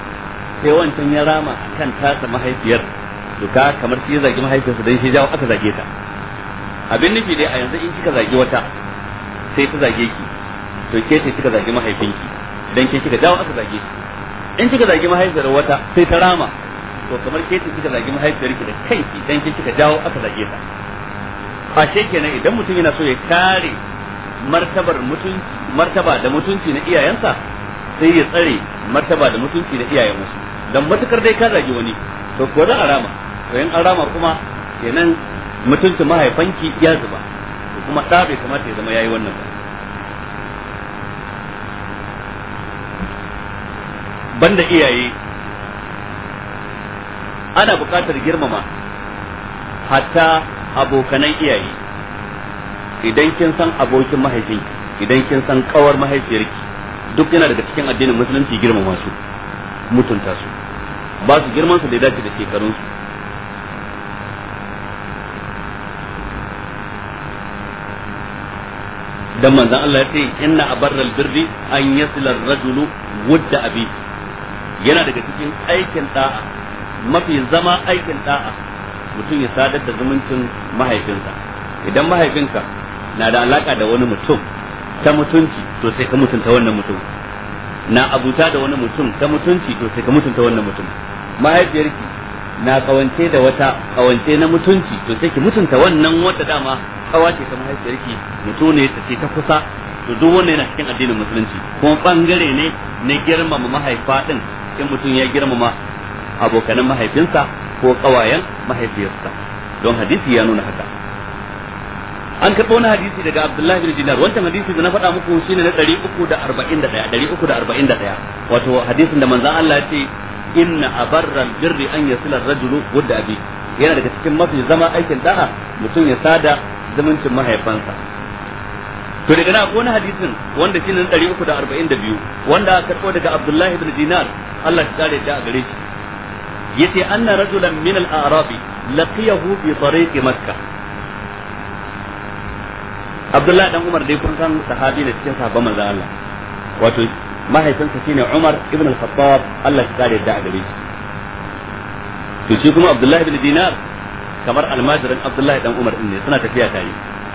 sai wancan ya rama akan tasa mahaifiyar to kaga kamar shi ya zagi mahaifinsa don shi ya jawo aka zage ta abin nufi dai a yanzu in kika zagi wata sai ta zage ki to ke ce kika zagi mahaifinki dan ke kika jawo aka zage ki in kika zagi mahaifiyar wata sai ta rama to kamar ke ce kika zagi mahaifiyar ki da kanki dan ki kika jawo aka zage ta ashe kenan idan mutum yana so ya kare martabar mutunci martaba da mutunci na iyayensa sai ya tsare martaba da mutunci na iyayen wasu dan matukar dai ka zagi wani to ko da arama to yan arama kuma kenan mutuncin mahaifanki ya zuba to kuma ɗa bai kamata ya zama yayi wannan ba banda iyaye ana buƙatar girmama hatta abokanan iyaye idan kin san abokin mahaifin idan kin san kawar mahaifiyarki duk yana daga cikin addinin musulunci girmama su mutunta su ba su girman su da dace da shekarun su dan manzon Allah ya ce inna abarral birri an yasla ar-rajulu wudda abi yana daga cikin aikin da'a mafi zama aikin da'a mutum ya sadar da zumuncin mahaifinsa idan mahaifinka na da alaka da wani mutum ta mutunci to sai ka mutunta wannan mutum na abuta da wani mutum ta mutunci to sai ka mutunta wannan mutum mahaifiyarki na kawance da wata kawance na mutunci to sai ki mutunta wannan wata dama kawa ce ta mahaifiyarki mutum ne ta ce ta kusa to duk wannan yana cikin addinin musulunci kuma bangare ne na girmama mahaifa din in mutum ya girmama abokanan mahaifinsa ko kawayen mahaifiyarsa don hadisi ya nuna haka an karɓo wani hadisi daga Abdullahi bin Dinar wancan hadisi da na faɗa muku shine na da ɗaya wato hadisin da manzan Allah ya ce inna abarran birri an yasila ar-rajulu wadda abi yana daga cikin mafi zama aikin da'a mutum ya sada zumuncin mahaifansa to daga nan akwai wani hadisin wanda shine na ɗari uku da da arba'in biyu wanda aka karɓo daga Abdullahi bin Dinar Allah ya kare da a gare shi yace anna rajulan min al-a'rabi laqiyahu fi tariqi makkah Abdullahi dan Umar dai kun san sahabi ne cikin sahabban manzon Allah wato mahaifinsa shine Umar ibn al-Khattab Allah ya kare da gare shi to shi kuma Abdullahi ibn Dinar kamar almajirin Abdullahi dan Umar din ne suna tafiya tare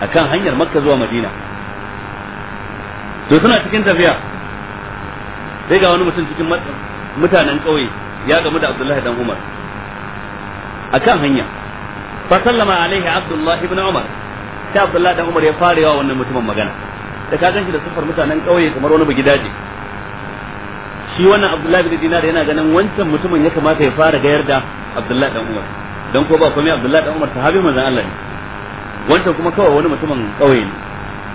akan hanyar Makka zuwa Madina to suna cikin tafiya sai ga wani mutum cikin mutanen ƙauye ya gamu da Abdullahi dan Umar akan hanya fa sallama alaihi Abdullahi ibn Umar sai Abdullahi dan Umar ya fara yawa wannan mutumin magana da ka ganshi da sufar mutanen kauye kamar wani bugidaje shi wannan Abdullahi ibn Dinar yana ganin wancan mutumin ya kamata ya fara gayar da Abdullahi dan Umar dan ko ba komai Abdullahi dan Umar sahabi manzon Allah ne wancan kuma kawai wani mutumin kauye ne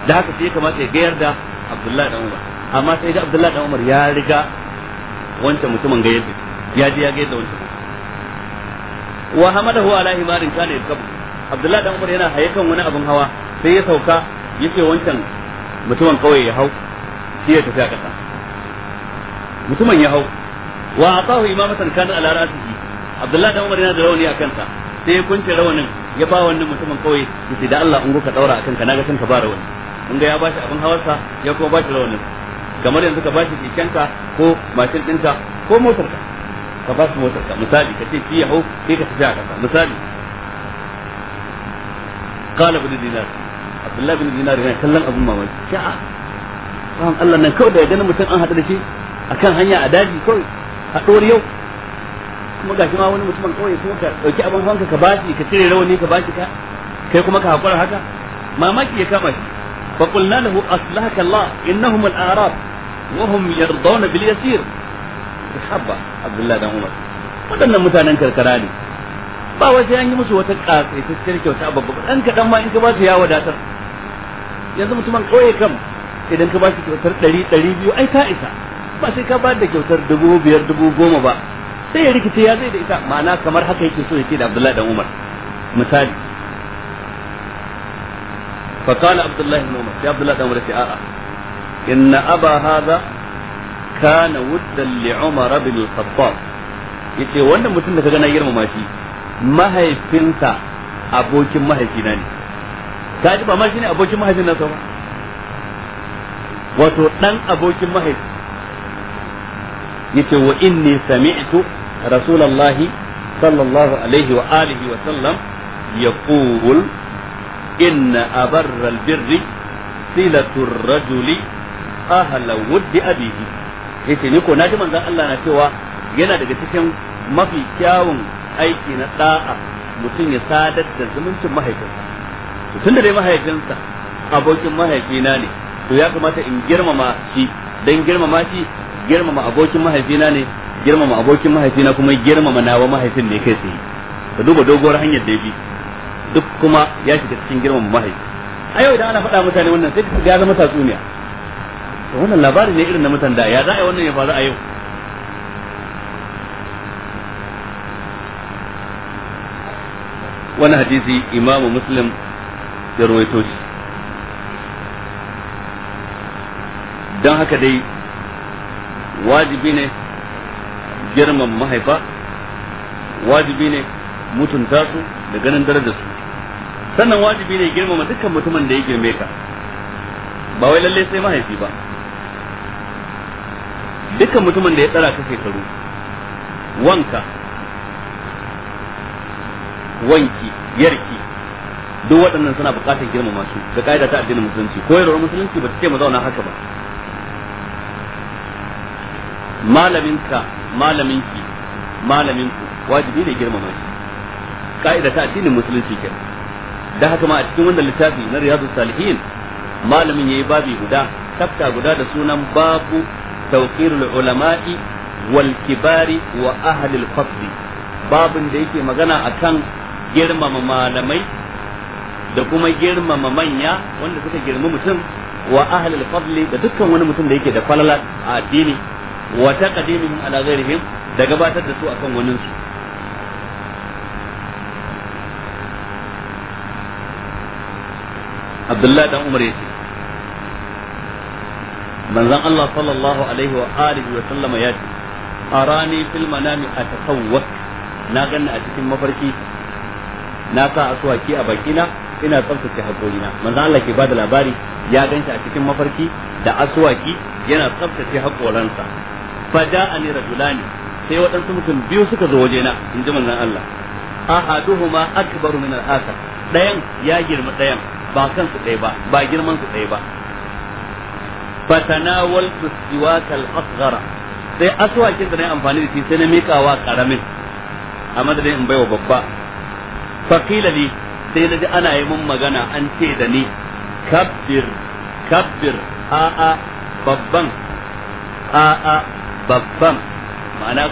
da haka sai ya kamata ya gayar da Abdullahi dan Umar amma sai da Abdullahi dan Umar ya riga wancan mutumin gayar da ya je ya ga yadda wancan wa hamadahu ala himarin kana yakab abdullahi dan umar yana haye kan wani abin hawa sai ya sauka yace wancan mutumin kawai ya hau shi ya tafi a kasa mutumin ya hau wa atahu imamatan kana ala ra'sihi abdullahi dan umar yana da rawani akan kansa sai ya kunce rawanin ya ba wannan mutumin kawai yace da Allah ungo ka daura akan ka naga san ka ba rawani mun ga ya bashi abin hawarsa ya kuma bashi rawanin kamar yanzu ka bashi kekenka ko mashin ɗinka ko motarka ka ba su motar ka misali ka ce shi sai ka tafi a kasa misali qala ibn dinar abdullahi dinar yana kallon mamaki Allah nan kawai da ya ganin mutum an hada da shi akan hanya a daji kawai yau kuma gashi ma wani mutumin kawai kuma ka dauki abin hanka ka bashi ka cire rawani ka bashi ka kai kuma ka hakura haka mamaki ya kama shi فقلنا له أصلحك الله إنهم sahaba abdullahi dan umar waɗannan mutanen karkara ne ba wasu an yi musu wata ƙasaitacciyar kyauta babba ɗan kaɗan ma in ka ba su ya wadatar yanzu mutumin ƙauye kam idan ka ba su kyautar ɗari ɗari biyu ai ta isa ba sai ka ba da kyautar dubu biyar dubu goma ba sai ya rikice ya zai da ita ma'ana kamar haka yake so yake da abdullahi dan umar misali فقال عبد الله بن عمر يا عبد الله بن عمر آه إن أبا هذا kana wuddan li Umar bin al-Khattab yace wannan mutum da kaga na girmama shi mahaifinsa abokin mahaifina ne ta ji ba ma shine abokin mahaifin nasa ba wato dan abokin mahaifi yace wa inni sami'tu rasulullahi sallallahu alaihi wa alihi wa sallam yaqul inna abarra al-birri silatu ar-rajuli ahla wuddi abihi ce ni ko na ji manzan Allah na cewa yana daga cikin mafi kyawun aiki na da'a mutum ya sadar da zumuncin mahaifinsa to tunda dai mahaifinsa abokin mahaifina ne to ya kamata in girmama shi dan girmama shi girmama abokin mahaifina ne girmama abokin mahaifina kuma girmama nawa mahaifin ne kai sai ka duba doguwar hanyar da ya bi duk kuma ya shiga cikin girmama mahaifi a yau idan ana faɗa mutane wannan sai ka ga zama tatsuniya wannan labari ne irin na mutan da ya za'a wannan ya faru a yau wani hadisi imamu muslim ya rawaito shi don haka dai wajibi ne girman mahaifa wajibi ne mutunta su da ganin darajar su sannan wajibi ne girmama dukkan mutumin da ya girme ka ba wai lalle sai mahaifi ba dukkan mutumin da ya tsara ka shekaru wanka wanki yarki duk waɗannan suna buƙatar girmama su da ƙa'ida ta addinin musulunci koyarwar musulunci ba ta ce mazauna haka ba malaminka malaminki malaminku wajibi ne girmama shi ka'ida ta addinin musulunci ke da haka ma a cikin wannan littafi na riyadu salihin malamin ya yi babi guda tafta guda da sunan babu tawqirul ulama'i wal kibari wa ahli al fadli yake magana akan girmama malamai da kuma girmama manya wanda suka girma mutum wa ahli al fadli da dukkan wani mutum da yake da falala addini wa taqdimihim ala ghairihim da gabatar da su akan waninsu Abdullahi dan Umar yace manzon Allah sallallahu alaihi wa alihi wa sallama ya ce arani fil manami atasawwak na ganna a cikin mafarki na sa asuwaki a bakina ina tsaftace hakorina manzon Allah ke bada labari ya ganta a cikin mafarki da aswaki yana tsaftace hakoransa fa ja'ani rajulani sai waɗansu mutum biyu suka zo wajena na ji manzon Allah ahaduhuma akbaru min al-akhar dayan ya girma dayan ba kansu ɗaya ba ba girman su ɗaya ba fatanawaltu siwakal asghara sai aswakin da na yi amfani da shi sai na mikawa karamin a madadin in baiwa babba faqila li sai naji ana yi mun magana an ce da ni kabbir kabbir a a babban a a babban ma'ana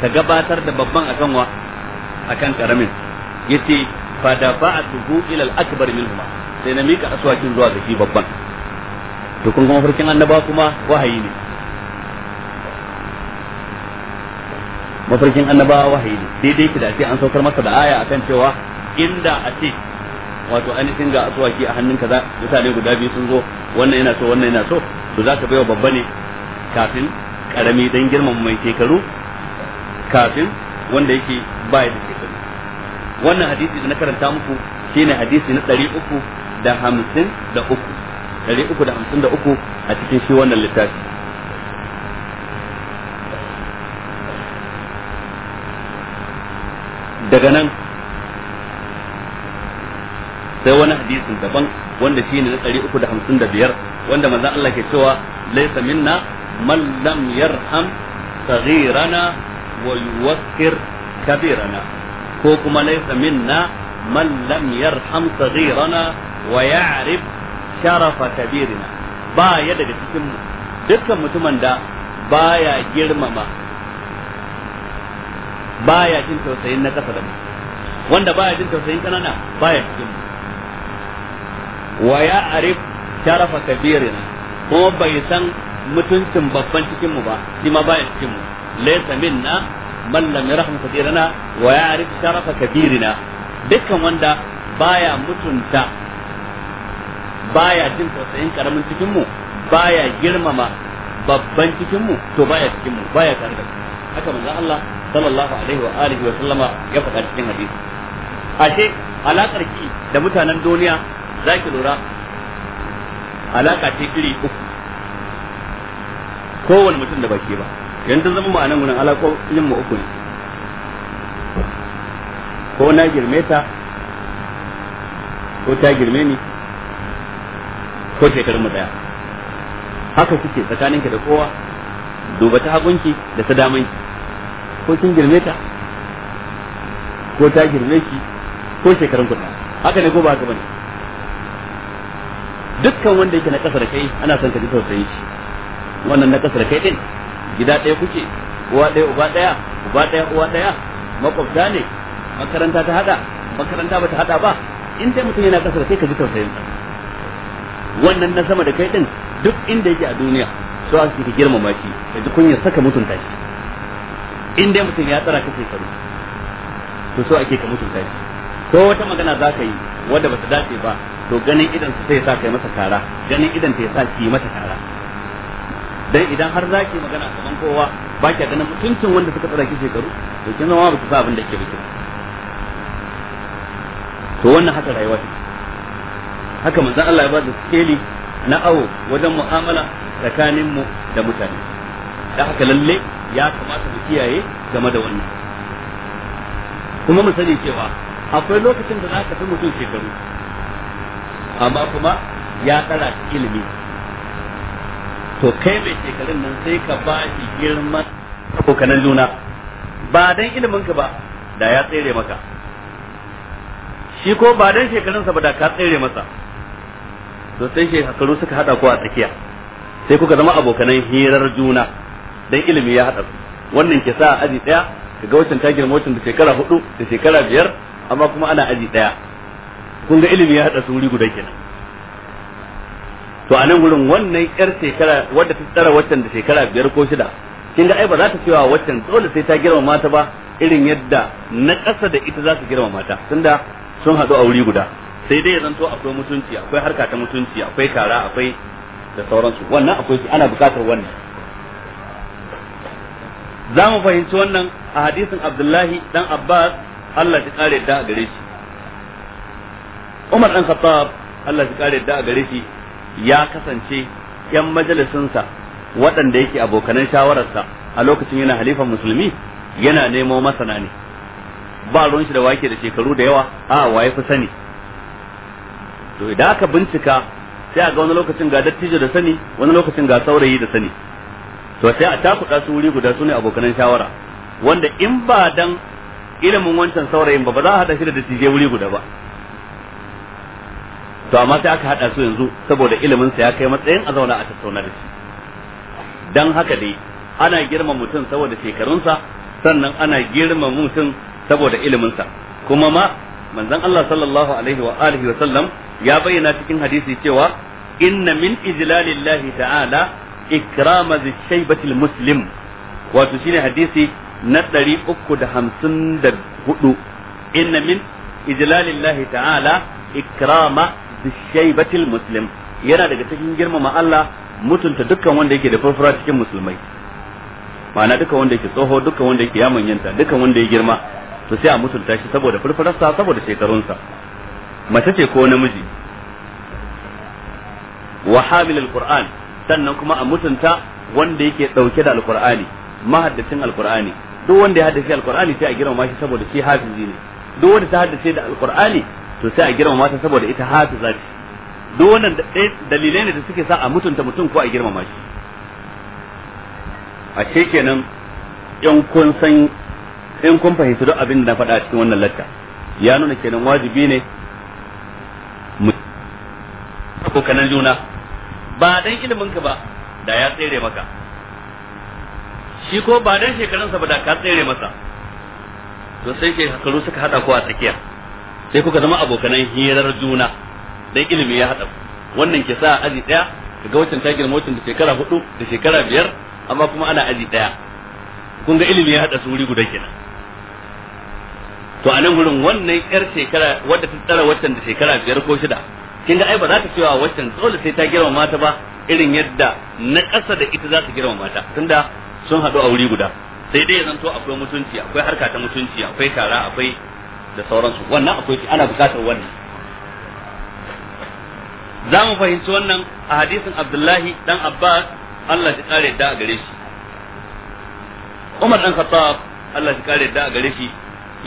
ka gabatar da babban akan wa akan karamin yace fa da ba'atuhu ila al-akbar minhuma sai na mika aswakin zuwa ga shi babban to kun ga mafarkin annaba kuma wahayi ne mafarkin annaba wahayi ne daidai ki da ce an saukar masa da aya akan cewa inda a ce wato ainihin ga asuwaki a hannun kaza mutane guda biyu sun zo wannan yana so wannan yana so to za ka baiwa babba ne kafin karami dan girman mai shekaru kafin wanda yake baya da shekaru wannan hadisi da na karanta muku shine hadisi na 353 uku da hamsin da uku 353 a cikin shi wannan littafi daga nan sai wani hadisin daban wanda shi ne na 355 wanda manzan Allah ke cewa laisa minna man lam yarham saghirana wa yuwakkir kabirana ko kuma laisa minna man lam yarham saghirana wa ya'rif sharafa kabirina ba ya daga cikin mu dukkan mutumin da baya girmama baya jin tausayin na kasa da mu wanda baya jin tausayin kanana baya cikin mu wa ya arif sharafa kabirina kuma bai san mutuncin babban cikin mu ba shi ma baya cikin mu laysa minna man lam yarham kabirina wa ya arif sharafa kabirina dukkan wanda baya mutunta baya jin tausayin karamin cikin mu baya girmama babban cikin mu to baya cikin mu baya tare da haka manzo Allah sallallahu alaihi wa alihi wa sallama ya faɗa cikin hadisi ashe alakar ki da mutanen duniya zaki lura alaka ce iri uku kowane mutum da baki ba yanzu zama ma'anan wurin alakokin mu uku ne ko na girme ta ko ta girme ni ko shekarun mu daya haka kuke tsakaninka da kowa duba ta hakunki da ta damanki ko kin girme ta ko ta girme ki ko shekarun daya haka ne ko ba haka bane dukkan wanda yake na kasar kai ana son ka ji tausayi shi wannan na kasar kai din gida ɗaya kuke uwa ɗaya uba ɗaya uba ɗaya uwa ɗaya makwabta ne makaranta ta hada makaranta ba ta hada ba in dai mutum yana kasar kai ka ji tausayin sa wannan na sama da kai din duk inda yake a duniya su ake ka girmama shi ka kun kunya saka mutunta shi in dai mutum ya tsara ka karu to so ake ka mutunta shi ko wata magana za ka yi wanda ba ta dace ba to ganin idan su sai sa kai masa kara ganin idan ta sa ki mata kara dan idan har za ki magana kaman kowa ba ki ganin mutuncin wanda suka tsara ki karu to kin zama ba ki sa abin da ke biki to wannan haka rayuwa take haka manzon Allah ya ba da skeli na awo wajen mu'amala tsakanin mu da mutane da haka lalle ya kamata mu kiyaye game da wannan kuma mu sani cewa akwai lokacin da za ka fi mutum shekaru amma kuma ya tsara ilimi to kai mai shekarun nan sai ka ba shi girman abokanan juna ba dan ilimin ka ba da ya tsere maka shi ko ba dan shekarunsa ba da ka tsere masa to sai shekaru suka hada ku a tsakiya sai kuka zama abokanan hirar juna dan ilimi ya hada wannan ke sa aji daya kaga wancan ta girma wancan da shekara hudu da shekara biyar amma kuma ana aji daya kun ga ilimi ya hada su wuri guda kenan to a nan gurin wannan yar shekara wadda ta tsara waccan da shekara biyar ko shida kin ga ai ba za ta cewa waccan dole sai ta girma mata ba irin yadda na ƙasa da ita za su girma mata tunda sun haɗu a wuri guda sai dai zanto akwai mutunci akwai harka ta mutunci akwai kara akwai da sauransu wannan akwai su ana bukatar wannan za mu fahimci wannan a hadisin abdullahi dan abbas allah shi kare da a gare shi umar dan khattab allah shi kare da a gare shi ya kasance yan majalisinsa waɗanda yake abokanan shawararsa a lokacin yana halifan musulmi yana nemo masana ne ba ruwan shi da wake da shekaru da yawa a waye fi sani to idan aka bincika sai a ga wani lokacin ga dattijo da sani wani lokacin ga saurayi da sani to sai a takuɗa su wuri guda su abokanan shawara wanda in ba dan ilimin wancan saurayin ba ba za a haɗa shi da dattijai wuri guda ba to amma sai aka haɗa su yanzu saboda ilimin sa ya kai matsayin a zauna a tattauna da shi dan haka dai ana girma mutum saboda shekarunsa sannan ana girma mutum saboda iliminsa kuma ma manzon Allah sallallahu alaihi wa alihi wa sallam ya bayyana cikin hadisi cewa inna min ijlalillahi ta'ala ikrama zishaybatil muslim wato shine hadisi na 354 inna min ijlalillahi ta'ala ikrama zishaybatil muslim yana daga cikin girmama Allah mutunta dukkan wanda yake da furfura cikin musulmai ma'ana dukkan wanda yake tsoho dukkan wanda yake yamanyanta dukkan wanda ya girma to sai a mutunta shi saboda furfurarsa saboda shekarunsa mace ce ko namiji wa hamil alquran sannan kuma a mutunta wanda yake dauke da alqur'ani mahaddacin alqur'ani duk wanda ya haddace alqur'ani sai a girmama shi saboda shi hafizi ne duk wanda ta haddace da alqur'ani to sai a girmama ta saboda ita hafiza ce duk wannan eh, dalilai ne da suke sa a mutunta mutum ko a girmama shi a ce kenan yan kun san in kun fahimci duk abin da na faɗa a cikin wannan latta ya nuna kenan wajibi ne mu ko kanan juna ba dan ilimin ka ba da ya tsere maka shi ko ba dan shekarunsa ba da ka tsere masa to sai shekaru suka hada ko a tsakiya sai kuka zama abokanan hirar juna dan ilimi ya hada wannan ke sa aji daya ga wacin ta girma wacin da shekara hudu da shekara biyar amma kuma ana aji daya kun ga ilimi ya hada su wuri guda kenan to a nan gurin wannan yar shekara wadda ta tsara watan da shekara biyar ko shida kin ga ai ba za ta cewa watan dole sai ta girma mata ba irin yadda na ƙasa da ita za ta girma mata tunda sun haɗu a wuri guda sai dai yanzu to akwai mutunci akwai harka ta mutunci akwai tara akwai da sauransu wannan akwai ana bukatar wannan za mu fahimci wannan a hadisin abdullahi dan abbas allah ya kare da a gare shi umar dan khattab allah ya kare da a gare shi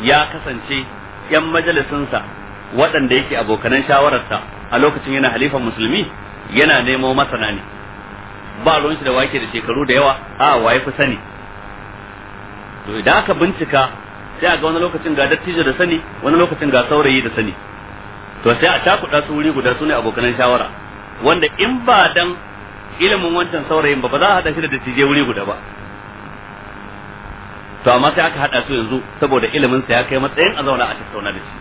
ya kasance yan majalisinsa waɗanda yake abokanan shawararsa a lokacin yana halifan musulmi yana nemo masana ne ba ruwan shi da wake da shekaru da yawa a waye fi sani to idan aka bincika sai a ga wani lokacin ga dattijo da sani wani lokacin ga saurayi da sani to sai a takuɗa su wuri guda su ne abokanan shawara wanda in ba dan ilimin wancan saurayin ba ba za a haɗa shi da dattijai wuri guda ba to amma sai aka hada su yanzu saboda ilimin sa ya kai matsayin a zauna a tattauna da shi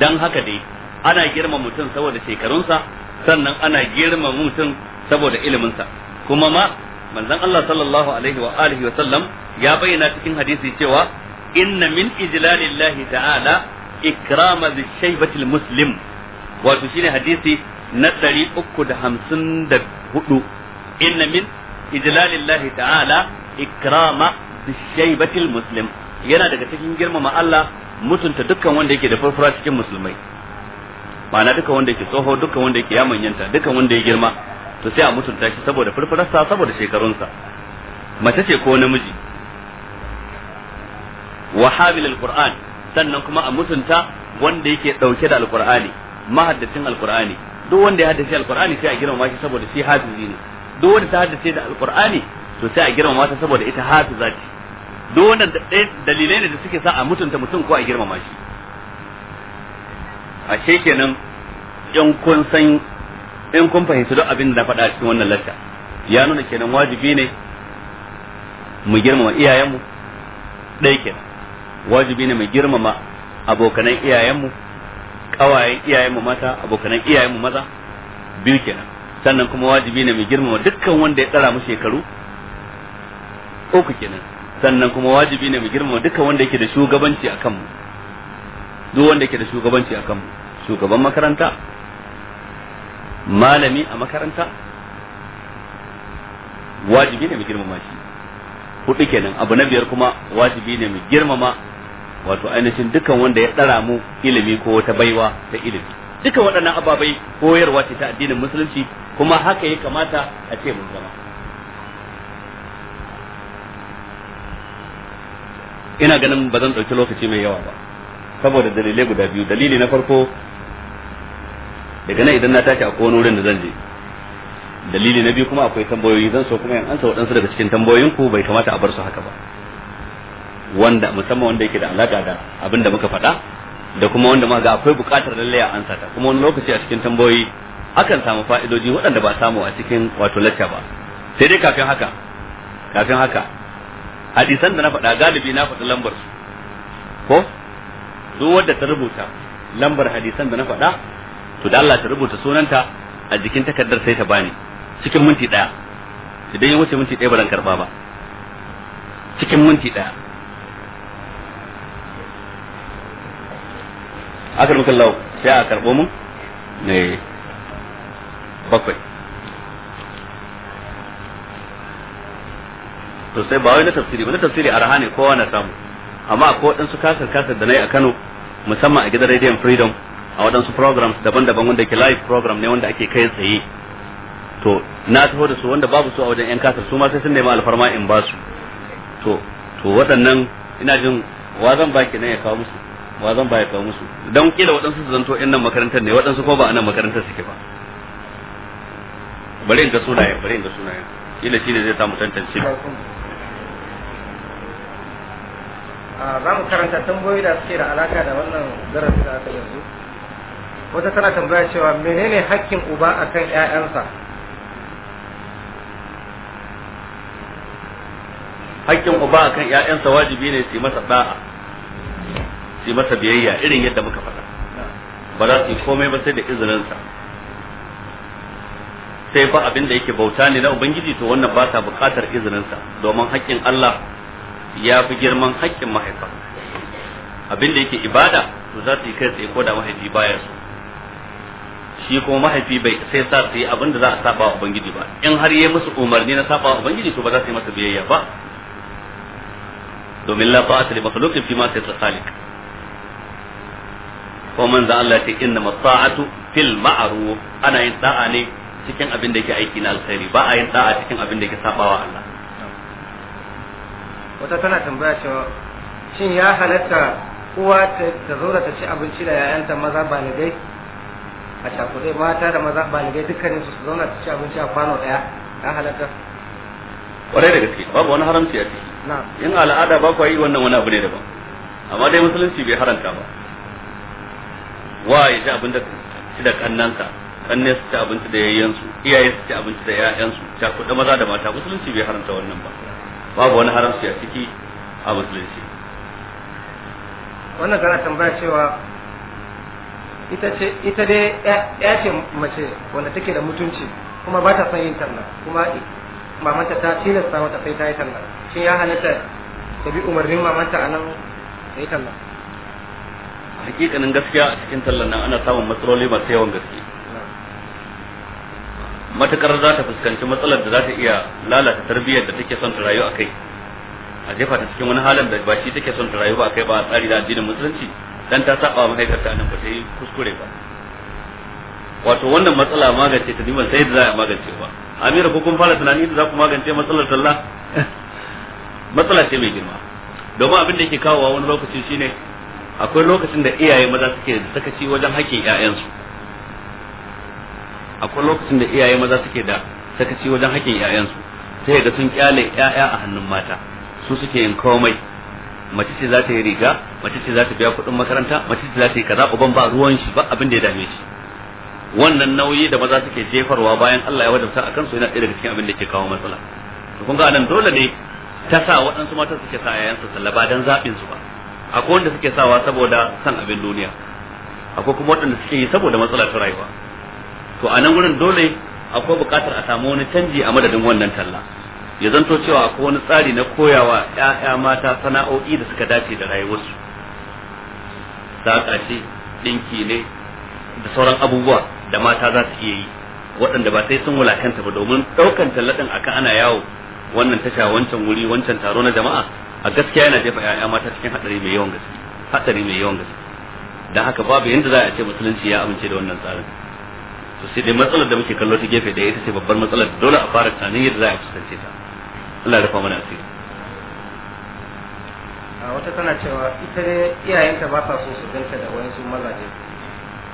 dan haka dai ana girma mutum saboda shekarunsa sannan ana girma mutum saboda ilimin sa kuma ma manzon Allah sallallahu alaihi wa alihi wa sallam ya bayyana cikin hadisi cewa inna min ijlalillahi ta'ala ikrama dhishaybatil muslim wato shine hadisi na 354 inna min ijlalillahi ta'ala ikrama shaybatil muslim yana daga cikin girmama Allah mutunta dukkan wanda yake da furfura cikin musulmai ma'ana dukkan wanda yake tsoho dukkan wanda yake yamanyanta dukkan wanda ya girma to sai a mutunta shi saboda furfurarsa saboda shekarunsa mace ce ko namiji wa hamilul qur'an sannan kuma a mutunta wanda yake dauke da alqur'ani mahaddacin alqur'ani duk wanda ya haddace alqur'ani sai a girmama shi saboda shi hafizi ne duk wanda ta haddace da alqur'ani to sai a girmama ta saboda ita hafiza ce duk wannan dalilai ne da suke sa a mutunta mutum ko a girmama shi ashe kenan in kun san in kun fahimci duk abin da na faɗa cikin wannan lacca ya nuna kenan wajibi ne mu girmama iyayenmu ɗaya kenan wajibi ne mu girmama abokanan iyayenmu ƙawayen iyayenmu mata abokanan iyayenmu maza biyu kenan sannan kuma wajibi ne mu girmama dukkan wanda ya tsara mu shekaru uku kenan sannan kuma wajibi ne mu girmama dukkan wanda yake da shugabanci a kanmu duk wanda yake da shugabanci a kanmu shugaban makaranta malami a makaranta wajibi ne mu girmama shi hudu kenan abu na biyar kuma wajibi ne mu girmama wato ainihin dukkan wanda ya tsara mu ilimi ko wata baiwa ta ilimi dukan waɗannan ababai koyarwa ce ta addinin musulunci kuma haka ya kamata a ce mun zama ina ganin ba zan ɗauki lokaci mai yawa ba saboda dalilai guda biyu dalili na farko daga nan idan na tashi a kowane wurin da zan je dalili na biyu kuma akwai tambayoyi zan so kuma yan ansa waɗansu daga cikin tambayoyinku bai kamata a bar su haka ba wanda musamman wanda yake da alaka da abin da muka faɗa da kuma wanda ma ga akwai buƙatar lallai a ansa ta kuma wani lokaci a cikin tambayoyi akan samu fa'idoji waɗanda ba samu a cikin wato lacca ba sai dai kafin haka kafin haka hadisan da na faɗa galibi na faɗi lambar su ko duk wadda ta rubuta lambar hadisan da na faɗa to da Allah ta rubuta sunanta a jikin takardar sai ta bani cikin minti ɗaya idan ya wuce minti ɗaya ba zan karɓa ba cikin minti daya akar muka sai a karbo mun ne eh. bakwai sosai ba wai na tafsiri ba na tafsiri a Rahane kowa na samu amma dan waɗansu kasar kasar da nayi a Kano musamman a gidan Radio Freedom a waɗansu programs daban-daban wanda ke live program ne wanda ake kai tsaye to na taho da su wanda babu su a wajen yan kasar su ma sai sun nemi alfarma in ba su to to waɗannan ina jin wa zan ba ki nan ya kawo musu wa zan ba ya kawo musu dan kila waɗansu su zanto in nan makarantar ne waɗansu ko ba a nan makarantar suke ba bari in ga sunayen bari in ga sunayen kila shine zai samu tantance Ah, za mu karanta tambayoyi da suke da alaka da wannan darasi da aka yanzu wata tana tambaya cewa menene hakkin uba akan ƴaƴansa hakkin uba akan ƴaƴansa wajibi ne su masa da'a su masa biyayya irin yadda muka faɗa ba za su yi komai ba sai da izininsa sai fa abin da yake bauta ne na ubangiji to wannan ba sa buƙatar izininsa domin hakkin Allah ya fi girman haƙƙin mahaifa abin da yake ibada to za su yi kai tsaye ko da mahaifi baya su shi kuma mahaifi bai sai sa su yi abin da za a saba wa ubangiji ba in har yi musu umarni na saba wa ubangiji to ba za su yi masa biyayya ba domin la ta'ata li makhluqin fi ma ta'ata khaliq ko man za Allah ce inna mata'atu fil ma'ruf ana yin da'a ne cikin abin da yake aiki na alkhairi ba a yin da'a cikin abin da yake sabawa Allah wata tana tambaya cewa shin ya halatta uwa ta zauna ta ci abinci da 'ya'yanta maza baligai a cakuɗe mata da maza baligai dukkanin su zauna ta ci abinci a kwano ɗaya ya halatta kwarai da gaske babu wani haramci a ciki in al'ada ba kwa yi wannan wani abu ne daban amma dai musulunci bai haranta ba wa ya ci abin da ci da kannansa kanne su ci abinci da yayyansu iyaye su ci abinci da 'ya'yansu cakuɗe maza da mata musulunci bai haranta wannan ba babu wani haramci a ciki a musulunci wannan kana tambaya cewa ita ce dai ya ce mace wanda take da mutunci kuma ba ta son yin talla kuma mamanta ta tilasta mata sai ta yi talla shin ya halatta ta bi umarnin mamanta a nan ta yi talla hakikanin gaskiya a cikin tallan nan ana samun matsaloli masu yawan gaske matakar za ta fuskanci matsalar da za ta iya lalata tarbiyyar da take son ta rayu a kai a jefa ta cikin wani halin da ba shi take son ta rayu ba a kai ba a tsari da addinin musulunci dan ta saba wa mahaifarta nan ba ta yi kuskure ba wato wannan matsala magance ta niman sai da za a magance ba amira ko kun fara tunani da za ku magance matsalar talla matsala ce mai girma domin abin da yake kawowa wani lokaci shine akwai lokacin da iyaye maza suke sakaci wajen haƙƙin 'ya'yansu akwai lokacin da iyaye maza suke da sakaci wajen haƙƙin su sai ga sun kyale 'ya'ya a hannun mata su suke yin komai mace ce za ta yi riga mace ce za ta biya kuɗin makaranta mace ce za ta yi kaza uban ba ruwan shi ba abin da ya dame shi wannan nauyi da maza suke jefarwa bayan Allah ya wajabta a kansu yana ɗaya daga cikin abin da ke kawo matsala to kun ga anan dole ne ta sa waɗansu mata suke sa yayansu sallaba dan zaɓin su ba akwai wanda suke sawa saboda san abin duniya akwai kuma waɗanda suke yi saboda matsala ta rayuwa to a nan gurin dole akwai buƙatar a samu wani canji a madadin wannan talla ya zanto cewa akwai wani tsari na koyawa ƴaƴa mata sana'o'i da suka dace da rayuwarsu saƙa ɗinki ne da sauran abubuwa da mata za su iya yi waɗanda ba sai sun wulakanta ba domin ɗaukan tallaɗin akan ana yawo wannan tasha wancan wuri wancan taro na jama'a a gaskiya yana jefa ƴaƴa mata cikin haɗari mai yawan gaske haɗari mai yawan gaske dan haka babu yanda za a ce musulunci ya amince da wannan tsarin to sai dai matsalar da muke kallo ta gefe da ita ce babbar matsalar dole a fara tunanin yadda za a fuskance ta Allah ya rufa mana asiri a wata tana cewa ita ne iyayenta ba sa so su ganta da wayansu mazaje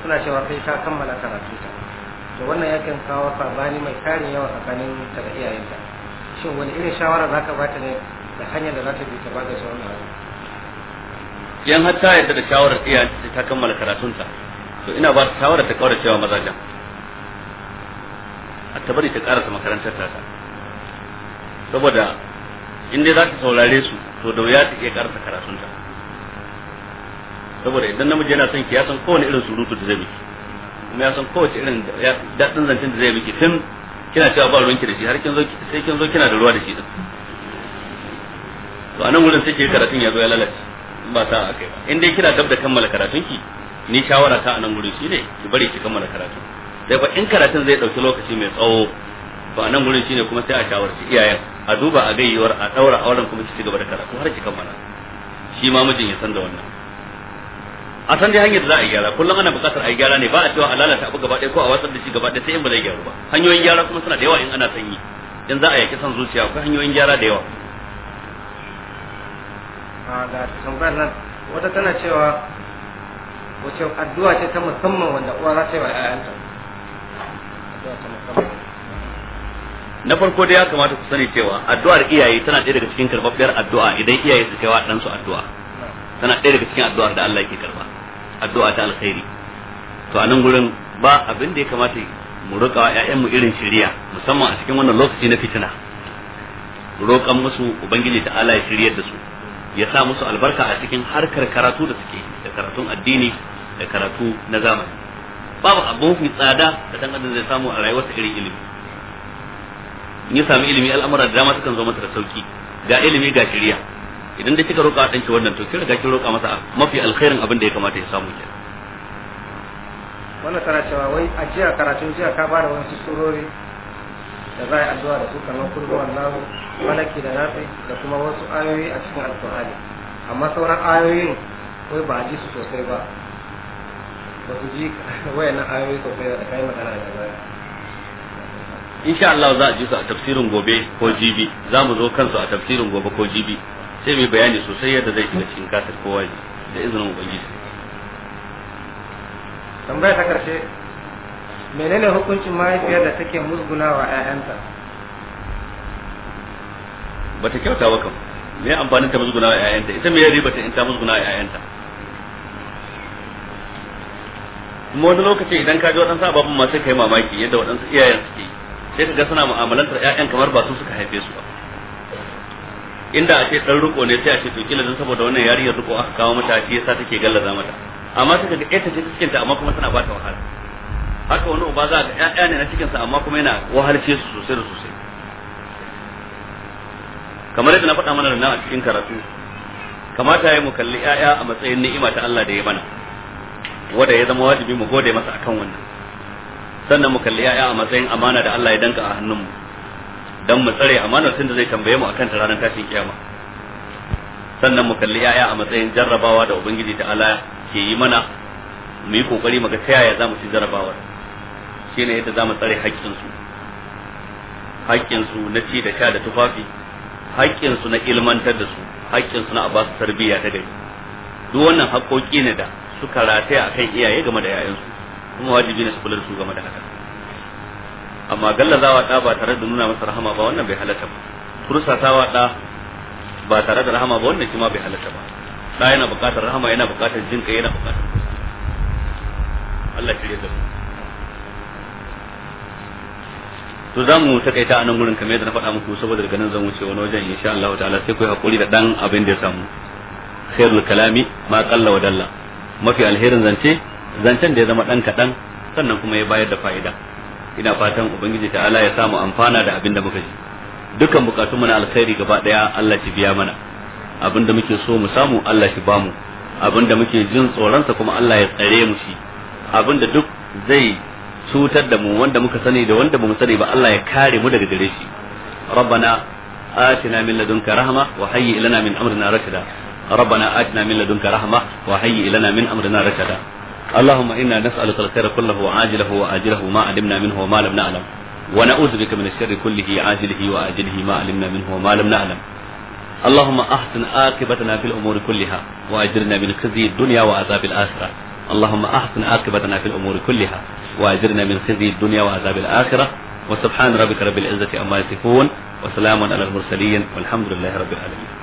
suna cewa sai ta kammala karatu ta to wannan yakin kawo sabani mai karin yawa tsakanin ta da iyayenta shin wani irin shawara za ka bata ne da hanyar da za ta bi ta bada shi wannan yan hatta yadda da shawarar iyayenta ta kammala karatunta to ina ba ta shawara ta kaura cewa mazajen ta bari ta karasa makarantar ta saboda in dai za ta saurare su to da wuya ta iya karasa karatunta saboda idan namiji yana son ki ya san kowane irin surutu da zai miki kuma ya san kowace irin daɗin zancen da zai miki tun kina cewa ba ruwanki da shi har kin zo sai kin zo kina da ruwa da shi din to anan gurin sai ke karatun ya zo ya lalace ba ta akai ba in dai kina dab da kammala karatunki ni shawara ta anan gurin shi ne ki bari ki kammala karatun sai ba in karatun zai ɗauki lokaci mai tsawo ba nan gurin shine kuma sai a shawarci iyayen a duba a gayyawar a ɗaura wurin kuma ki ci gaba da karatu har ki kammala shi ma mijin ya san da wannan a san dai hanyar da za a gyara kullum ana buƙatar a gyara ne ba a cewa a lalata abu gaba ɗaya ko a watsar da shi gaba ɗaya sai in ba zai gyaru ba hanyoyin gyara kuma suna da yawa in ana sanyi in za a yaki san zuciya akwai hanyoyin gyara da yawa ga tambayar nan wata tana cewa wace addu'a ce ta musamman wanda uwa za ta yi wa 'ya'yanta na farko da ya kamata ku sani cewa addu'ar iyaye tana ɗaya daga cikin karɓaɓɓiyar addu'a idan iyaye su kaiwa ɗansu addu'a tana ɗaya daga cikin addu'ar da Allah ke karɓa addu'a ta alkhairi to a nan gurin ba abin da ya kamata mu roƙa wa ƴaƴanmu irin shirya musamman a cikin wannan lokaci na fitina roƙan musu ubangiji ta Allah ya shiryar da su ya sa musu albarka a cikin harkar karatu da suke da karatun addini da karatu na zamani babu abu mafi tsada da dan adam zai samu a rayuwarsa irin ilimi in ya sami ilimi al'amura da dama sukan zo masa da sauki ga ilimi ga shari'a idan da kika roƙa danki wannan to kira ga kin roƙa masa mafi alkhairin abin da ya kamata ya samu kenan wannan tana cewa wai a jiya karatun jiya ka bada wasu surori da za a yi addu'a da su kamar kurbu wallahu malaki da nafi da kuma wasu ayoyi a cikin alkur'ani amma sauran ayoyin wai ba a ji su sosai ba ba su ji na ayoyi ko da kai magana da baya insha Allah za a ji su a tafsirin gobe ko jibi za mu zo kansu a tafsirin gobe ko jibi sai mai bayani sosai yadda zai shiga cikin kasar kowa da izinin ubangiji tambaya ta karshe menene hukuncin mahaifiyar da take musgunawa ƴaƴanta bata kyauta ba kam me amfanin ta musgunawa ƴaƴanta ita me ya riba ta in ta musgunawa ƴaƴanta mu wani lokaci idan ka ji waɗansu ababen masu kai mamaki yadda waɗansu iyayen suke sai ka ga suna mu'amalantar ƴaƴan kamar ba su suka haife su ba inda a ce ɗan riko ne sai a ce to kila don saboda wannan yarinyar riko aka kawo mata shi yasa take gallaza mata amma sai ga ita ce cikin ta amma kuma tana ba ta wahala haka wani uba za ga ƴaƴa ne na cikin sa amma kuma yana wahalce su sosai da sosai kamar yadda na faɗa mana nan a cikin karatu kamata ya mu kalli ƴaƴa a matsayin ni'ima ta Allah da ya mana wanda ya zama wajibi mu gode masa akan wannan sannan mu kalli yaya a matsayin amana da Allah ya danka a hannunmu dan mu tsare amanar tun da zai tambaye mu akan ta ranar tashin kiyama sannan mu kalli yaya a matsayin jarrabawa da ubangiji ta Allah ke yi mana mu yi kokari mu ga ta yaya zamu ci jarrabawar shine yadda zamu tsare haƙƙin su haƙƙin su na ci da sha da tufafi haƙƙin su na ilmantar da su haƙƙin su na a ba su tarbiyya ta gari duk wannan haƙƙoƙi ne da Su karatai a kan iyaye game da yayansu kuma wajibi ne su kula da su game da haka amma gallazawa waɗa ba tare da nuna masa rahama ba wannan bai halatta ba tursatawa waɗa ba tare da rahama ba wannan kima bai halatta ba da yana buƙatar rahama yana buƙatar jin kai yana buƙatar Allah shirye da su to za mu takaita a nan gurin kamar yadda na faɗa muku saboda daga nan zan wuce wani wajen insha Allah ta'ala sai ku hakuri da dan abin da ya samu khairul kalami ma qalla wa dalla mafi alherin zance zancen da ya zama dan kaɗan sannan kuma ya bayar da fa'ida ina fatan ubangiji ta'ala ya samu amfana da abin da muka ji dukan bukatun mu na alkhairi gaba daya Allah ya biya mana abin da muke so mu samu Allah shi bamu abin da muke jin tsoron sa kuma Allah ya tsare mu shi abin duk zai cutar da mu wanda muka sani da wanda bamu sani ba Allah ya kare mu daga gare shi rabbana atina min ladunka rahma wa hayyi lana min amrina rashida ربنا آتنا من لدنك رحمة وهيئ لنا من أمرنا رشدا اللهم إنا نسألك الخير كله عاجله وآجله ما علمنا منه وما لم نعلم ونعوذ بك من الشر كله عاجله وآجله ما علمنا منه وما لم نعلم اللهم أحسن عاقبتنا في الأمور كلها وأجرنا من خزي الدنيا وعذاب الآخرة اللهم أحسن عاقبتنا في الأمور كلها وأجرنا من خزي الدنيا وعذاب الآخرة وسبحان ربك رب العزة عما يصفون وسلام على المرسلين والحمد لله رب العالمين